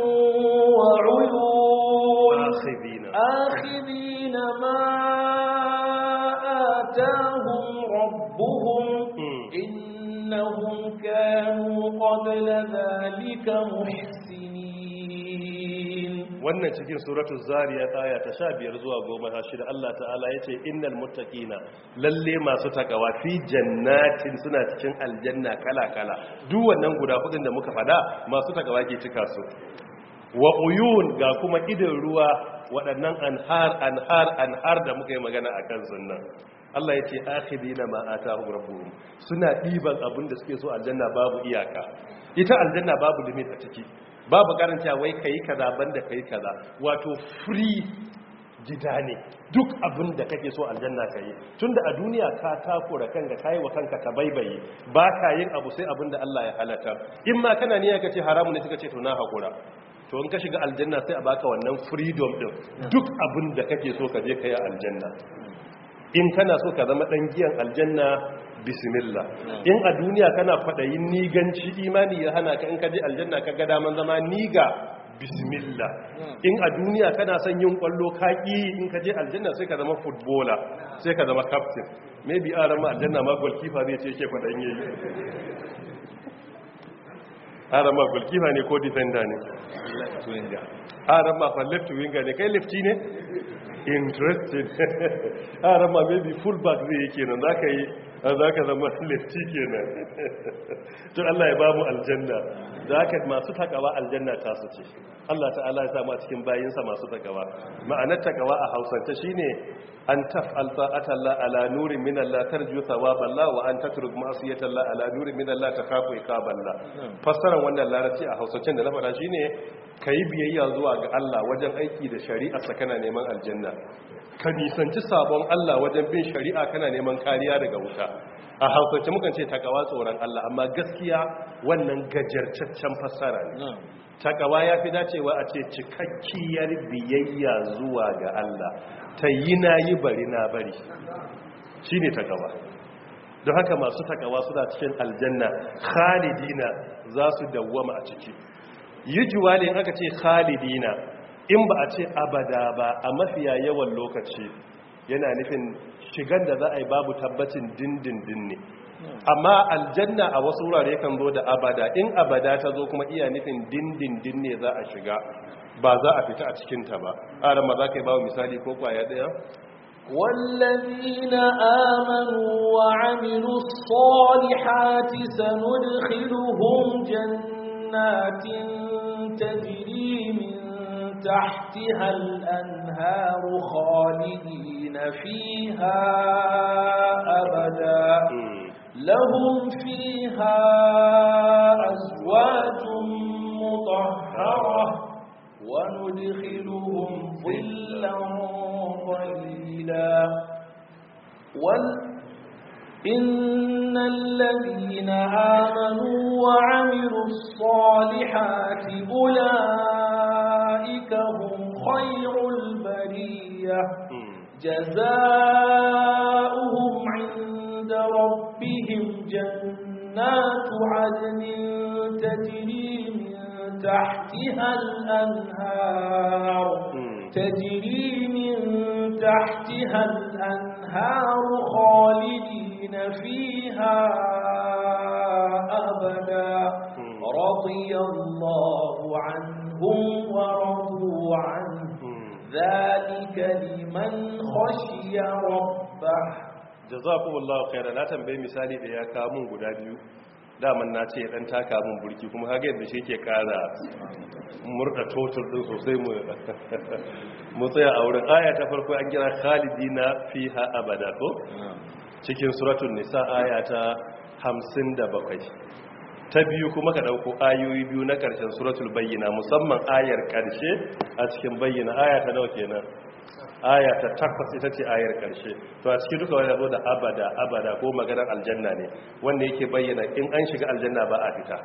وعيون آخذين, آخذين ما آتاهم ربهم إنهم كانوا قبل ذلك محسنين wannan cikin suratu zariyat aya ta sha biyar zuwa goma ta shida Allah ta'ala ya ce innal muttaqina lalle masu takawa fi jannatin suna cikin aljanna kala kala duk wannan guda hudun da muka fada masu takawa ke cika su wa uyun ga kuma idin ruwa waɗannan anhar anhar anhar da muka yi magana a kan sunnan Allah ya ce akhidina ma atahu rabbuhum suna diban abin da suke so aljanna babu iyaka ita aljanna babu limit a ciki babu karanta wai yi kaza banda yi kaza wato free gida ne duk abin da kake so aljanna ka yi tunda a duniya ka takura kanka kayi wa kanka ta baibaye ba ka yin abu sai abin da Allah ya halatta in ma kana niyya ka ce haramun ne suka ce to na hakura to in ka shiga aljanna sai a baka wannan freedom din duk abin da kake so ka je kai a aljanna in kana so ka zama dan giyan aljanna bismillah in a duniya kana kwadayin niganci imani ya hana ka in ka je aljanna ka ga daman zama niga bismillah in a duniya kana son yin kwallo kaki in ka je aljanna sai ka zama footballer sai ka zama captain maybe a rama aljanna ma goalkeeper zai ce yake kwadan yayi a rama goalkeeper ne ko defender ne a rama fa left winger ne kai lefty ne interesting a ah, rama maybe fullback zai yi kenan za ka yi a za ka zama lefti kenan to Allah ya bamu aljanna za ka masu takawa aljanna ta su ce Allah ta'ala ya samu a cikin bayinsa masu takawa ma'anar takawa a hausanta ne an taf'al ta'ata Allah ala nurin min Allah wa thawaballah wa an tatruk ma'siyata Allah ala nurin min Allah takhafu iqaballah fassaran wannan larabci a hausancen da na shi ne, ka yi biyayya zuwa ga Allah wajen aiki da shari'a sakana neman aljanna ka nisanci sabon Allah wajen bin shari'a kana neman kariya daga wuta a hausance mukan ce takawa tsoron Allah amma gaskiya wannan gajarcaccen fassara ne takawa ya fi dacewa a ce cikakkiyar biyayya zuwa ga Allah ta yi na yi bari na bari shi ne takawa don haka masu takawa suna cikin aljanna khalidina za su dawwama a ciki yi juwalin aka ce khalidina in ba a ce abada ba a mafiya yawan lokaci yana nufin shigan da za a yi babu tabbacin dindindin ne amma aljanna a wasu wurare kan zo da abada in abada ta zo kuma iya nufin dindindin ne za a shiga ba za a fita a cikinta ba ƙarar ma za ka yi bawa misali ko kwaya ɗaya والذين آمنوا وعملوا الصالحات سندخلهم جنات تجري من تحتها الأنهار خالدين فيها أبدا لهم فيها أزواج مطهرة وندخلهم ظلا ظليلا إن الذين آمنوا وعملوا الصالحات أولئك هم خير البرية جزاؤهم عند ربهم جنات عدن تجري من تحتها الأنهار تجري من تحتها الأنهار خالدين خالدين فيها أبدا رضي الله عنهم ورضوا عنه ذلك لمن خشي ربه jazakum Allahu khairan na tambayi misali da ya kawo guda biyu daman na ce dan taka mun burki kuma haka yadda shi ke ƙara. murda totur ɗin sosai mu mu tsaya a wurin aya ta farko an kira khalidina ha abada ko cikin suratun nisa ayata hamsin da 57 ta biyu kuma ka ɗauko ayoyi biyu na ƙarshen suratun bayyana musamman ayar ƙarshe a cikin bayyana aya ta nawa kenan Ayata ta takwas ita ce ayar ƙarshe to a cikin duka wani da abada abada ko maganar aljanna ne wanda yake bayyana in an shiga aljanna ba a fita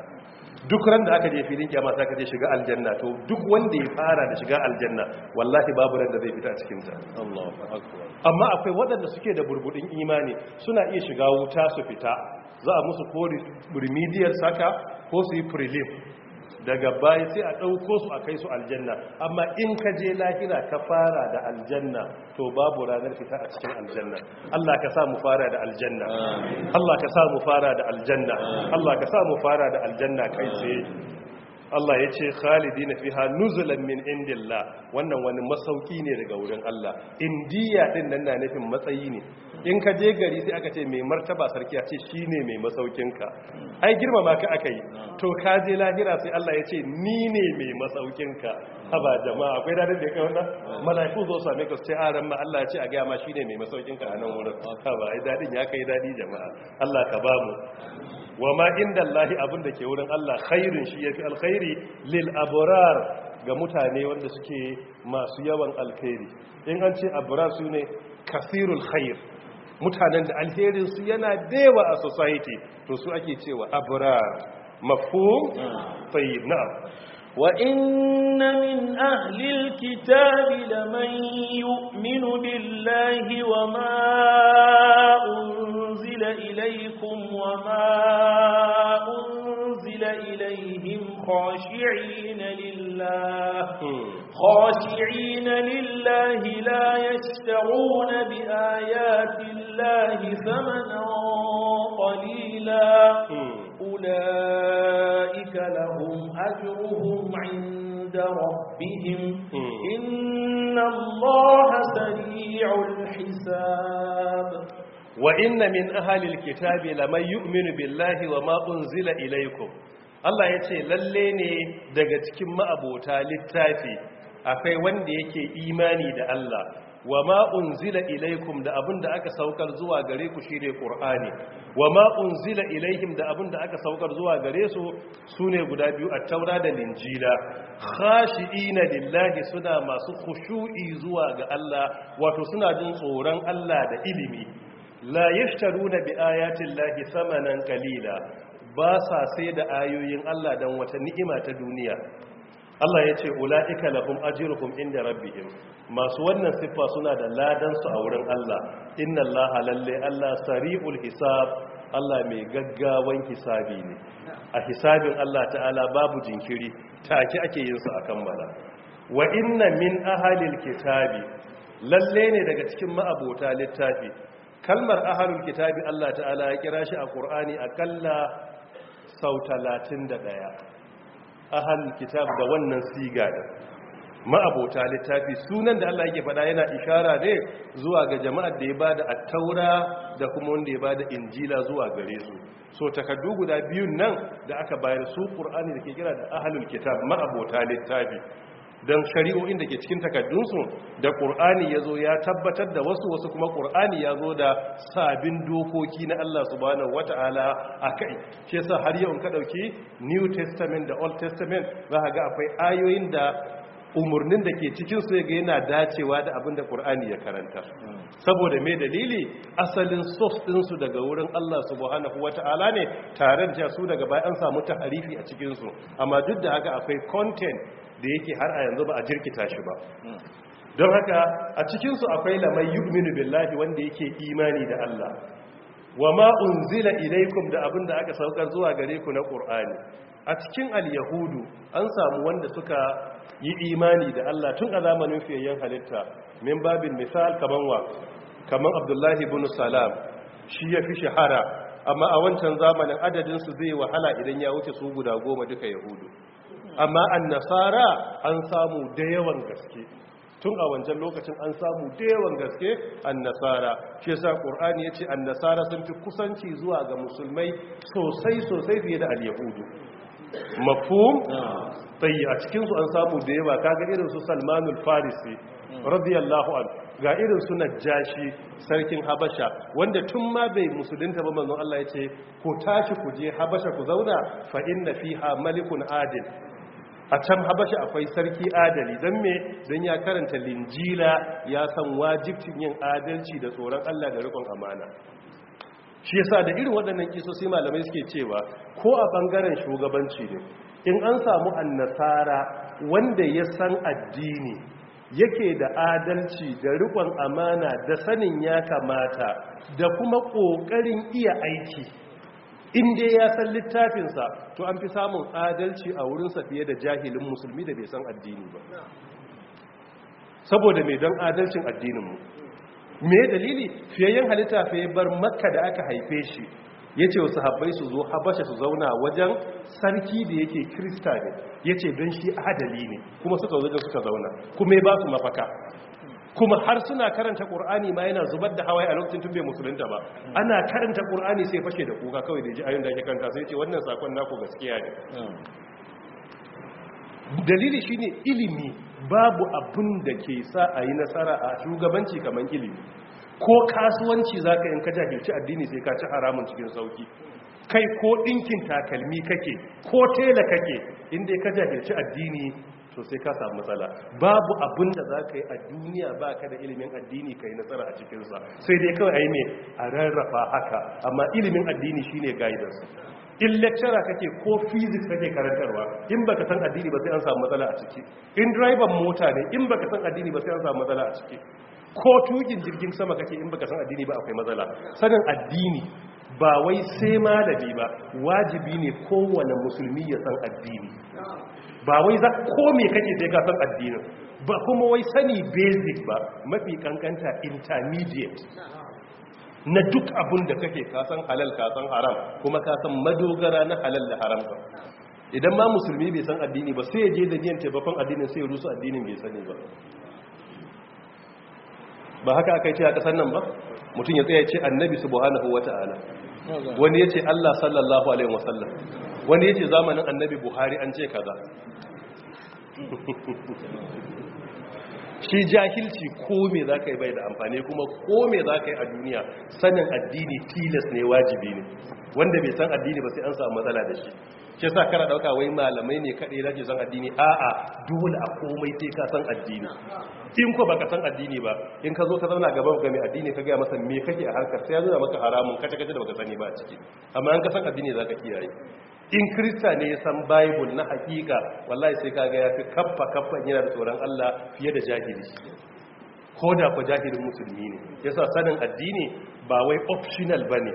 duk ran da aka je filin kiyama sai ka je shiga aljanna to duk wanda ya fara da shiga aljanna wallahi babu ran da zai fita cikin ta Allahu akbar amma akwai waɗanda suke da burbudin imani suna iya shiga wuta su fita za a musu ko remedial saka ko su yi prelim daga baya sai a ɗauko su a kai su aljanna amma in ka je lahira ka fara da aljanna to babu ranar fita a cikin aljanna Allah ka sa mu fara da aljanna Allah ka sa mu fara da aljanna Allah ka sa mu fara da aljanna kai sai. Allah ya ce khalidi na fiha nuzulan min indillah wannan wani masauki ne daga wurin Allah indiya din nan na nufin matsayi ne in ka je gari sai aka ce mai martaba sarki a ce shine mai masaukinka ai girmama ka aka yi to ka je lahira sai Allah ya ce ni ne mai masaukinka haba jama'a akwai dadin da ya kai wannan malaiku zo same ka su ce a ran ma Allah ya ce a ga ma shine mai masaukinka a nan wurin haba ai dadin ya kai dadi jama'a Allah ka ba mu wa ma inda Allah abin da ke wurin Allah khairin shi yafi alkhairi lil abrar ga mutane wanda suke masu yawan alkhairi in an ce abrar su ne kasirul khair mutanen da alherin su yana dewa a society to su ake cewa abrar mafhum hmm. tsayi na'am وإن من أهل الكتاب لمن يؤمن بالله وما أنزل إليكم وما أنزل إليهم خاشعين لله خاشعين لله لا يشترون بآيات الله ثمنا قليلا أولئك لهم أجرهم عند ربهم إن الله سريع الحساب وإن من أهل الكتاب لمن يؤمن بالله وما أنزل إليكم Allah ya ce lalle ne daga cikin ma'abota littafi akwai wanda yake imani da Allah wa ma unzila ilaikum da abin da aka saukar zuwa gare ku shine qur'ani wa ma unzila ilaihim da abin da aka saukar zuwa gare su sune guda biyu a taura da linjila khashiina lillahi suna masu khushu'i zuwa ga Allah wato suna jin tsoron Allah da ilimi la yashtaruna bi ayati llahi samanan qalila ba sa sai da ayoyin Allah dan wata ni'ima ta duniya Allah ya ce ula'ika lahum ajruhum inda rabbihim masu wannan siffa suna da ladan su a wurin Allah inna Allah lalle Allah sari'ul hisab Allah mai gaggawan hisabi ne a hisabin Allah ta'ala babu jinkiri take ake yinsu a akan mala wa inna min ahalil kitabi lalle ne daga cikin ma'abota littafi kalmar ahalil kitabi Allah ta'ala ya kira shi a Kur'ani akalla sau ɗaya. ahalul kitab da wannan siga da ma'abota littafi sunan da Allah yake faɗa yana ishara ne zuwa ga jama'ar da ya bada at-taura da kuma wanda ya bada injila zuwa gare su so takaddu guda biyun nan da aka bayar su qur'ani da ke kira da ahalul kitab ma'abota littafi don shari'o'in da ke cikin takaddunsu da ƙur'ani ya zo ya tabbatar da wasu wasu kuma ƙur'ani ya zo da sabin dokoki na Allah subhanahu ta'ala a kai shi yasa har yau in ka ɗauki new testament da old testament za ka ga akwai ayoyin da umarnin da ke cikinsu su ga yana dacewa da abin da ƙur'ani ya karanta saboda mai dalili asalin source din su daga wurin Allah Su subhanahu ta'ala ne tare da su daga bayan an samu harifi a cikinsu. amma duk da haka akwai content da yake har a yanzu ba a jirkita shi ba don haka a cikinsu akwai lamai yu'minu billahi wanda yake imani da Allah wa ma unzila ilaikum da abin da aka saukar zuwa gare ku na ƙur'ani a cikin al-yahudu an samu wanda suka yi imani da Allah tun a zamanin fiyayyen halitta min babin misal kaman wa kaman abdullahi ibn salam shi ya fi shahara amma a wancan zamanin adadin su zai wahala idan ya wuce su guda goma duka yahudu amma annasara an samu da yawan gaske tun a wancan lokacin an samu da yawan gaske annasara shi yasa qur'ani yace annasara sun fi kusanci zuwa ga musulmai sosai sosai fiye da al-yahudu mafhum ah. tayyi a cikinsu an samu da yawa kaga irin su Salmanul Farisi hmm. radiyallahu an ga irin su Najjashi sarkin Habasha wanda tun ma bai musulinta ba manzon Allah ya ce ku tashi ku je Habasha ku zauna fa inna fiha malikun adil a can habasha akwai sarki adali don me don ya karanta linjila ya san wajibcin yin adalci da tsoron allah da rikon amana shi yasa da irin waɗannan kisosi malamai suke cewa ko a bangaren shugabanci ne in an samu annasara wanda ya san addini yake da adalci da rikon amana da sanin ya kamata da kuma ƙoƙarin iya aiki inda ya san littafinsa to an fi samun adalci a wurinsa fiye da jahilin musulmi da bai san addini ba saboda mai don adalcin addininmu me dalili fiyayyen halitta fa bar makka da aka haife shi ya ce wasu habbai su zo habasha su zauna wajen sarki da yake krista ne ya ce don shi adali ne kuma suka zo suka zauna kuma ya ba su mafaka kuma har suna karanta ƙur'ani ma yana zubar da hawaye a lokacin tun bai musulunta ba ana karanta ƙur'ani sai fashe da kuka kawai da ji ayon da ake kanta sai ce wannan sakon naku gaskiya ne hmm. dalili shi ne ilimi babu abin da ke sa a yi nasara a shugabanci kamar ilimi ko kasuwanci za ka yin ka jahilci addini sai ka ci haramun cikin sauki kai ko ɗinkin takalmi kake ko tela kake inda ka jahilci addini to sai ka samu matsala babu abin da za ka yi a duniya ba ka da ilimin addini ka yi nasara a cikinsa sai dai kawai a yi mai a rarrafa haka amma ilimin addini shine guidance in lecturer kake ko physics kake karantarwa in baka san addini ba sai an samu matsala a ciki in driver mota ne in baka san addini ba sai an samu matsala a ciki ko tukin jirgin sama kake in baka san addini ba akwai matsala sanin addini ba wai sai malami ba wajibi ne kowane musulmi ya san addini ba wai za ko me kake sai ka san addinin ba kuma wai sani basic ba mafi kankanta intermediate na duk abun da kake kasan halal kasan haram kuma kasan madogara na halal da haram ba idan ma musulmi bai san addini ba sai ya je da niyan taimakon addinin sai ya rusu addinin bai sani ba ba haka aka ce a kasan nan ba mutum ya tsaya ce annabi subhanahu wata'ala wani ya ce Allah sallallahu alaihi wasallam wani ya ce zamanin annabi buhari an ce kaza shi jahilci ko me za ka yi bai da amfani kuma ko me za ka yi a duniya sanin addini tilas ne wajibi ne wanda bai san addini ba sai an samu matsala da shi ke sa kara dauka wai malamai ne kaɗai da ke san addini a dole a komai sai ka san addini in ko baka san addini ba in ka zo ka zauna gaba ga mai addini ka gaya masa me kake a harkar sai ya zo maka haramun kace kace da baka sani ba a ciki amma in ka san addini za ka kiyaye in krista ne ya san bible na hakika wallahi sai kaga ya fi kaffa kaffa yana da tsoron allah fiye da jahili ko da ku jahilin musulmi ne yasa sanin addini ba wai optional bane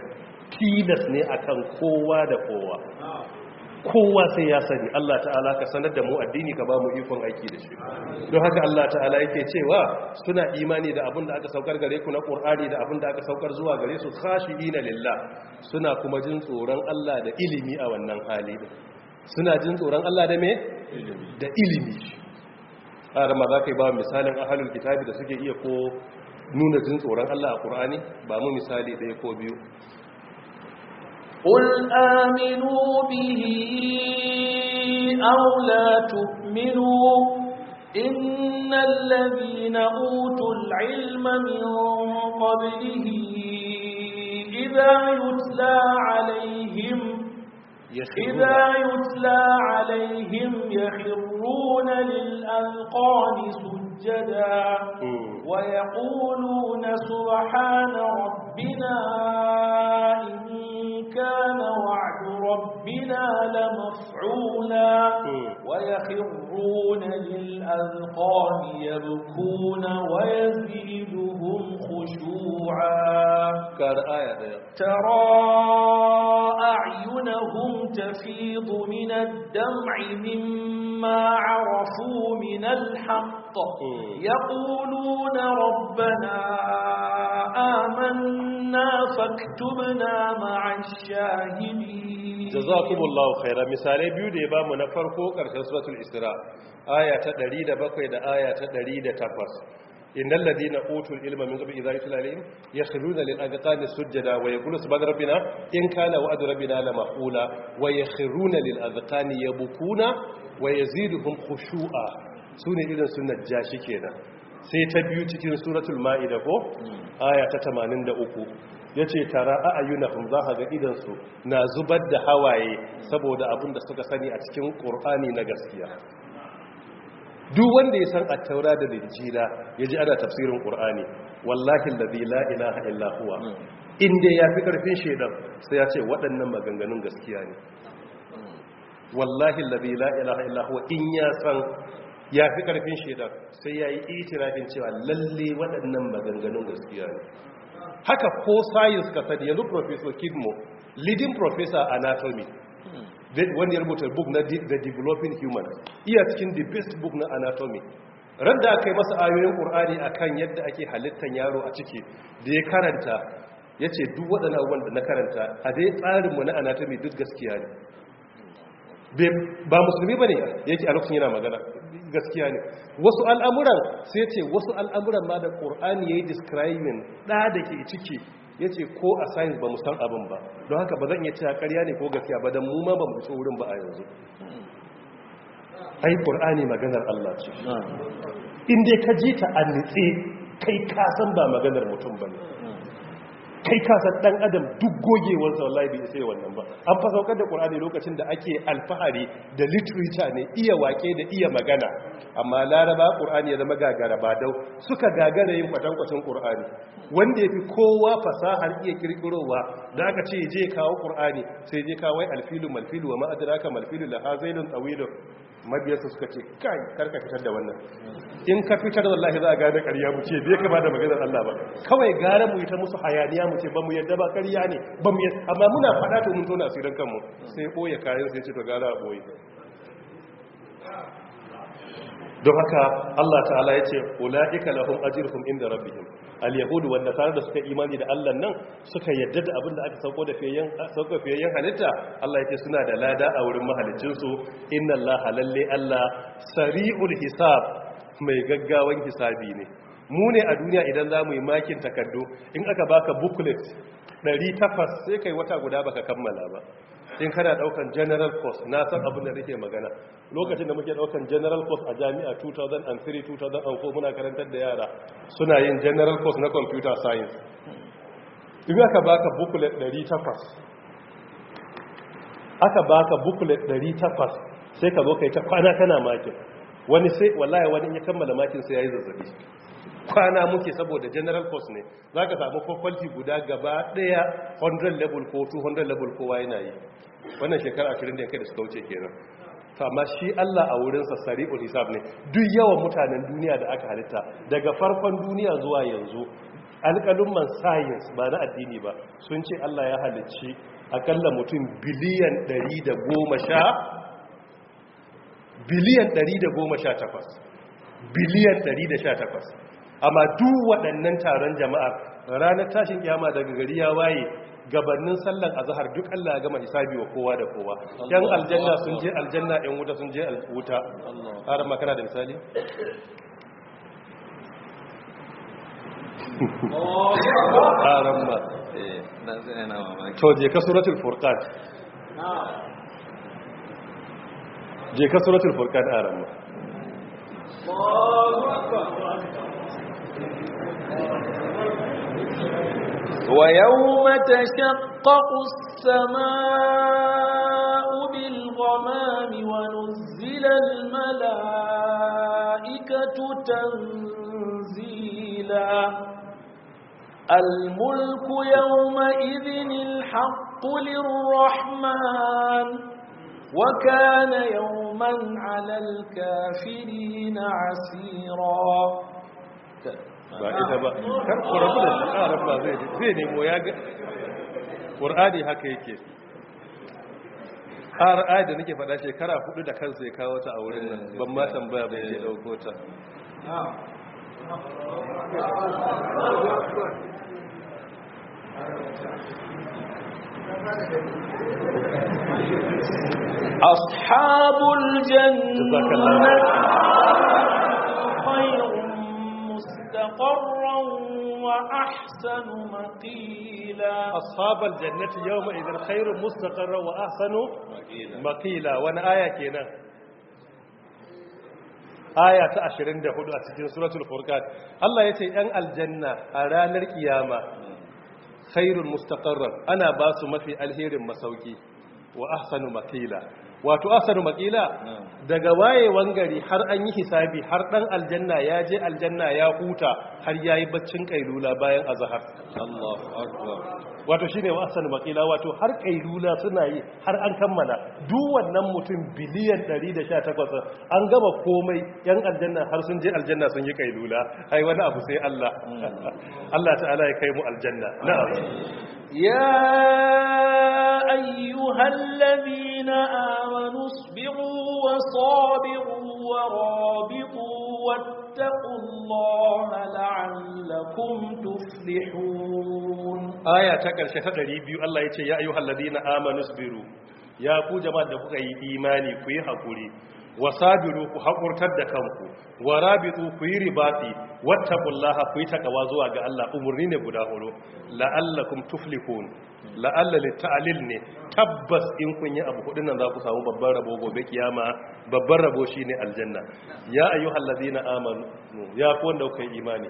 tilas ne akan kowa da kowa kowa sai ya sani Allah ta'ala ka sanar da mu addini ka ba mu ikon aiki da shi don haka Allah ta'ala yake cewa suna imani da abin da aka saukar gare ku na Qur'ani da abin da aka saukar zuwa gare su khashiina lillah suna kuma jin tsoron Allah da ilimi a wannan hali suna jin tsoron Allah da me da ilimi har ma za ka yi ba misalin halin kitabi da suke iya ko nuna jin tsoron Allah a Qur'ani ba mu misali ɗaya ko biyu قل آمنوا به أو لا تؤمنوا إن الذين أوتوا العلم من قبله إذا يتلى عليهم إذا يتلى عليهم يخرون للأذقان سجدا ويقولون سبحان ربنا إن كان وعد ربنا لمفعولا ويخرون للأذقان يبكون ويزيدهم خشوعا ترى أعينهم تفيض من الدمع مما عرفوا من الحق الحق يقولون ربنا آمنا فاكتبنا مع الشاهدين جزاكم الله خيرا مثالي بيو دي بامو نفرقو قرشن سورة الإسراء آية تدريد بقوي دا آية تدريد تفس إن الذين أوتوا العلم من قبل إذا يتلى عليهم يخلون للأذقان سجدا ويقولون سبحان ربنا إن كان وعد ربنا لمفعولا ويخرون للأذقان يبكون ويزيدهم خشوعا su ne irin su ke kenan sai ta biyu cikin suratul ma'ida ko hmm. aya ta 83 yace tara a'yunahum za ga idansu na zubar da hawaye saboda abin da suka sani a cikin ƙor'ani na gaskiya duk wanda ya san attaura da linjila ya ji ana tafsirin ƙur'ani wallahi lalzi la ilaha illa huwa hmm. inda ya fi ƙarfin shaidan sai ya ce waɗannan maganganun gaskiya ne hmm. wallahi la ilaha illa huwa in ya san ya fi karfin shaidan sai ya yi itirafin cewa lalle waɗannan maganganun gaskiya ne haka ko science ka sani yanzu professor kidmo leading professor anatomy wani ya rubuta book na the developing human iya cikin the best book na anatomy Randa aka yi masa ayoyin ƙur'ani kan yadda ake halittar yaro a ciki da ya karanta ya ce duk waɗanda wanda na karanta a dai tsarinmu na anatomy duk gaskiya ne ba musulmi ba ne yake a lokacin yana magana gaskiya ne wasu al'amuran sai ce wasu al'amuran ma da ƙur'ani ya yi describing ɗa da ke ciki ya ce ko a science ba san abin ba don haka ba zan iya a karya ne ko gaskiya ba don mu ma ba mu wurin ba a yanzu ai ƙur'ani maganar Allah ce in ka ji ta a nitse kai ka san ba maganar mutum ba ne kai kasar dan adam duk gogewarsa wallahi bai sai wannan ba an fa saukar da qur'ani lokacin da ake alfahari da literature ne iya wake da iya magana amma laraba qur'ani ya zama gagara ba dau suka gagara yin kwatankwacin qur'ani wanda yafi kowa fasahar iya kirkirowa da aka ce je kawo qur'ani sai je kawo alfilu malfilu wa ma adraka malfilu la hazailun tawilun mabiyarsa suka ce kai karka fitar da wannan in ka fitar wallahi za a gane karya mu ce bai kama da maganar Allah ba kawai gara mu yi ta musu hayaniya mu ce ba mu yadda ba ƙarya ne ba mu yadda amma muna faɗa to mun tona asirin kanmu sai ɓoye kayan sai ce to gara a boye don haka Allah ta'ala ya ce ula'ika lahum ajruhum inda rabbihim al-yahud wa nasara da suka imani da Allah nan suka yadda da abin da aka sauko da fiyayen sauko fiyayen halitta Allah yake suna da lada a wurin mahalicin su inna Allah lalle Allah sari'ul hisab mai gaggawan hisabi ne mu ne a duniya idan za mu yi makin takardu in aka baka booklet 800 sai kai wata guda baka kammala ba in kana daukan general course na san abin da nake magana lokacin da muke daukan general course a jami'a 2003 2004 muna karantar da yara suna yin general course na computer science in aka baka booklet 800 aka baka booklet 800 sai ka zo kai ta kwana kana makin wani sai wallahi wani in ya kammala makin sai yayi zazzabi kwana muke saboda general post ne za ka samu faculty guda gaba daya 100 level ko 200 level kowa yana yi wannan shekarar 20 da ya kai da suka wuce kenan to amma shi Allah a wurinsa sari'ul hisab ne duk yawan mutanen duniya da aka halitta daga farkon duniya zuwa yanzu alƙalumman science ba na addini ba sun ce Allah ya halicci akalla mutum biliyan 110 biliyan 118 biliyan 118 amma duk waɗannan taron jama'a ranar tashin kiyama daga gari ya waye gabanin sallar azahar duk Allah ya gama hisabi wa kowa da kowa yan aljanna sun je aljanna yan wuta sun je wuta har ma kana da misali haram ma eh, to je ka suratul furqan je ka suratul furqan haram ma ويوم تشقق السماء بالغمام ونزل الملائكة تنزيلا الملك يومئذ الحق للرحمن وكان يوما على الكافرين عسيرا ba ita ba kar ku rabu da shi ba zai zai nemo ya ga ƙur'ani haka yake har ayat da nake faɗa shekara hudu da kansa ya kawo ta a wurin nan ban ma tambaya bai je ɗauko ta أصحاب الجنة خير مستقرا واحسن مقيلا اصحاب الجنه يوم اذا الخير مستقرا واحسن مقيلا وانا ايه كده aya ta 24 a cikin suratul furqan Allah ya ce 'yan aljanna a ranar kiyama khairul mustaqarr ana basu mafi alherin masauki wa ahsanu maqila wato asar makila daga wayewan gari har an yi hisabi har dan aljanna ya je aljanna ya huta har ya yi baccin kailula bayan azahar wato shine wasan makila wato har kailula suna yi har an kammala duwannan mutum biliyan 118 an gaba komai yan aljanna har sun je aljanna sun yi kailula ai wani abu sai Allah hmm. Allah ta'ala ya kai mu aljanna na'am ya ayyuhallazina amanu ونصبروا وصابروا ورابطوا واتقوا الله لعلكم تفلحون آية تكر شفت ريبيو الله يتشي يا أيها الذين آمنوا اصبروا يا أبو جماعة دفقه إيماني كيها قولي wasabiru ku haƙurtar da kanku wa rabitu ku yi ribati wattaqullaha ku yi takawa zuwa ga Allah umurni ne guda horo la'allakum tuflihun la'alla ta'alil ne tabbas in kun yi abu hudun za ku samu babban rabo gobe kiyama babban rabo shine aljanna ya ayyuhallazina amanu ya ku wanda kuka yi imani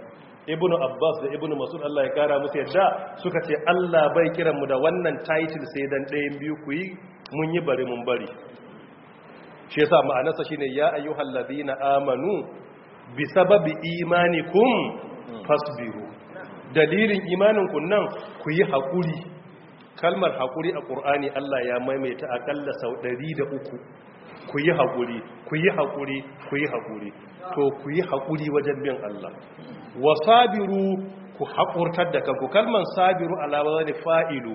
ibnu abbas da ibnu masud Allah ya kara musu yadda suka ce Allah bai kiran mu da wannan title sai dan ɗayan biyu ku yi mun yi bari mun bari shi yasa ma'anarsa shine ya ayyuhal ladina amanu bi sababi imanikum fasbiru dalilin imanin ku nan ku yi hakuri kalmar hakuri a qur'ani Allah ya maimaita akalla sau 103 ku yi hakuri ku yi hakuri ku yi hakuri to ku yi hakuri wajen bin Allah wasabiru ku hakurtar da kanku kalmar sabiru alawani fa'ilu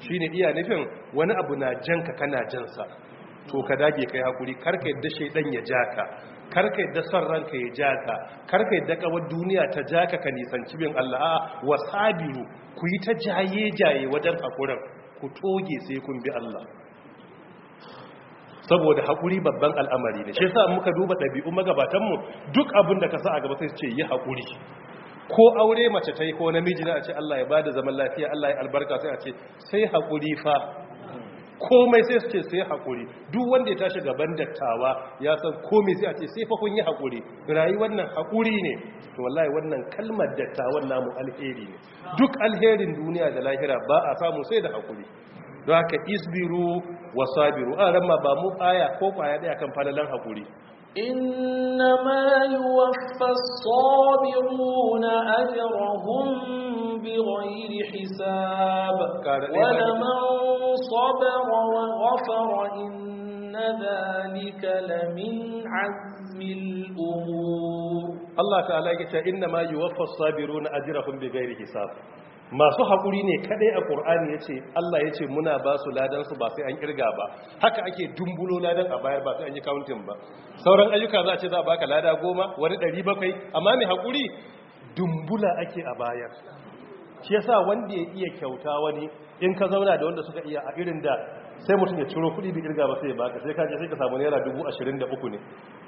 shine iya nufin wani abu na janka kana jansa to ka dage kai hakuri karka yadda shaidan ya jaka karka yadda son ranka ya ja ka karka yadda kawar duniya ta ja ka nisanci bin Allah wa sabiru ku yi ta jaye jaye wajen hakurin ku toge sai kun bi Allah saboda hakuri babban al'amari ne shi yasa muka duba ɗabi'un magabatan mu duk abin da ka sa a gaba sai ce yi hakuri ko aure mace ta yi ko namiji na a ce Allah ya bada zaman lafiya Allah ya albarka sai a ce sai hakuri fa komai sai su ce sai haƙuri duk wanda ya tashi gaban dattawa ya san komai sai a ce sai fa kun yi haƙuri rayu wannan haƙuri ne to wallahi wannan kalmar dattawan namu alheri ne duk alherin duniya da lahira ba a samu sai da haƙuri don haka isbiru wasabiru a ba mu aya ko kwaya daya kan falalan haƙuri إنما يوفى الصابرون أجرهم بغير حساب ولمن صبر وغفر إن ذلك لمن عزم الأمور Allah ta'ala ya ce inna ma yuwaffa na ajrahum bighairi hisab masu haƙuri ne kadai a Kur'ani ya ce Allah ya ce muna ba su ladansu ba sai an ƙirga ba haka ake dumbulo ladan a bayar ba sai an yi kauntin ba sauran ayyuka za a ce za a baka lada goma wani ɗari bakwai amma mai haƙuri dumbula ake a bayar shi yasa wanda ya iya kyauta wani in ka zauna da wanda suka iya a irin da sai mutum ya ciro kuɗi bi kirga ba sai baka sai ka je sai ka samu naira dubu ashirin da uku ne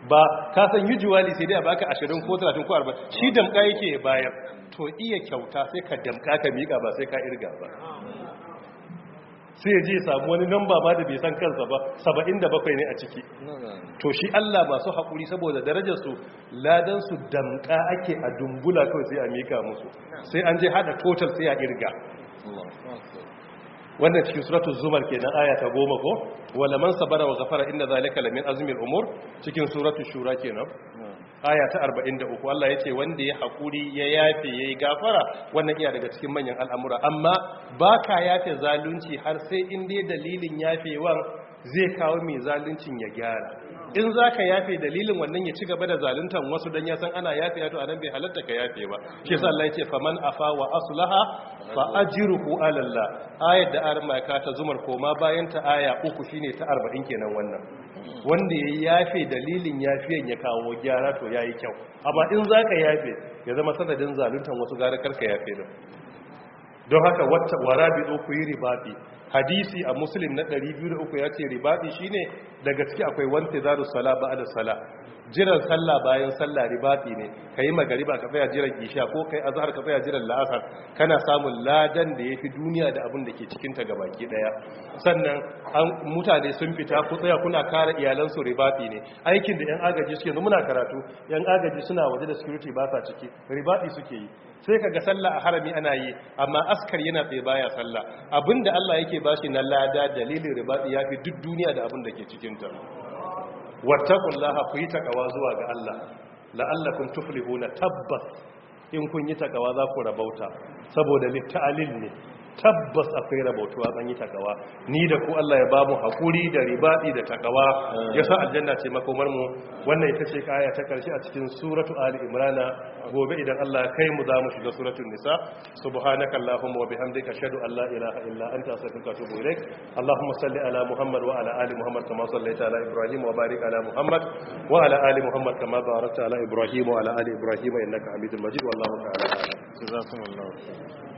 ba ka san usually sai dai a baka ashirin ko 30 ko arba'in shi damka yake bayar to iya kyauta sai ka damka ka miƙa ba sai ka irga ba sai je samu wani namba ba da bai san kansa ba saba'in da bakwai ne a ciki to shi Allah masu haƙuri saboda darajarsu su damƙa ake a dumbula kawai sai a mika musu sai an je hada total sai a irga wannan cikin suratu zumar kenan aya ta goma ko wala man sabara wa ghafara inna zalika lamin azmil umur cikin suratu shura kenan hmm. aya ta 43 Allah yace wanda ya hakuri ya yafe yayi gafara wannan iya daga cikin manyan al'amura amma baka yafe zalunci har sai in dai dalilin yafewan zai kawo mai zaluncin ya gyara in za ka yafe dalilin wannan ya ci gaba da zaluntan wasu don yasan ana yafe ya to anan bai halatta ka yafe ba shi sa Allah yake faman afa wa aslaha fa ajruhu ala Allah ayat da arma ka ta zumar koma bayan ta aya uku shine ta 40 kenan wannan wanda ya yafe dalilin yafiyan ya kawo gyara to yayi kyau amma in za ka yafe ya zama sanadin zaluntan wasu gara karka yafe don haka wata warabi ku yi ribabi hadisi a muslim na 203 ya ce ribaɗi shi ne daga ciki akwai wanta da sala ba da sala jiran sallah bayan sallah ribaɗi ne ka yi ba ka faya jiran isha ko kai azahar ka faya jiran la'asar kana samun ladan da ya fi duniya da abin da ke cikinta ga baki ɗaya sannan an mutane sun fita ku tsaya kuna kare iyalansu ribaɗi ne aikin da 'yan agaji suke muna karatu 'yan agaji suna waje da security ba sa ciki ribaɗi suke yi sai kaga sallah a harami ana yi amma askar yana tsaye baya sallah abinda Allah yake bashi na lada dalilin ribadi yafi duk duniya da abin da ke cikin ta wattaqullaha ku yi takawa zuwa ga Allah la'allakum tuflihuna tabbas in kun yi takawa za ku rabauta saboda litta'alil ne tabbas akwai rabotuwa an yi takawa ni da ku Allah ya ba mu hakuri da ribadi da takawa sa aljanna ce makomar mu wannan ita ce kaya ta karshe a cikin suratu ali imran gobe idan Allah kai mu za mu shiga suratul nisa subhanaka allahumma wa bihamdika ashhadu an la ilaha illa anta astaghfiruka wa atubu ilaik allahumma salli ala muhammad wa ala ali muhammad kama sallaita ala ibrahim wa barik ala muhammad wa ala ali muhammad kama barakta ala ibrahim wa ala ali ibrahim innaka hamidum majid wallahu ta'ala jazakumullahu khairan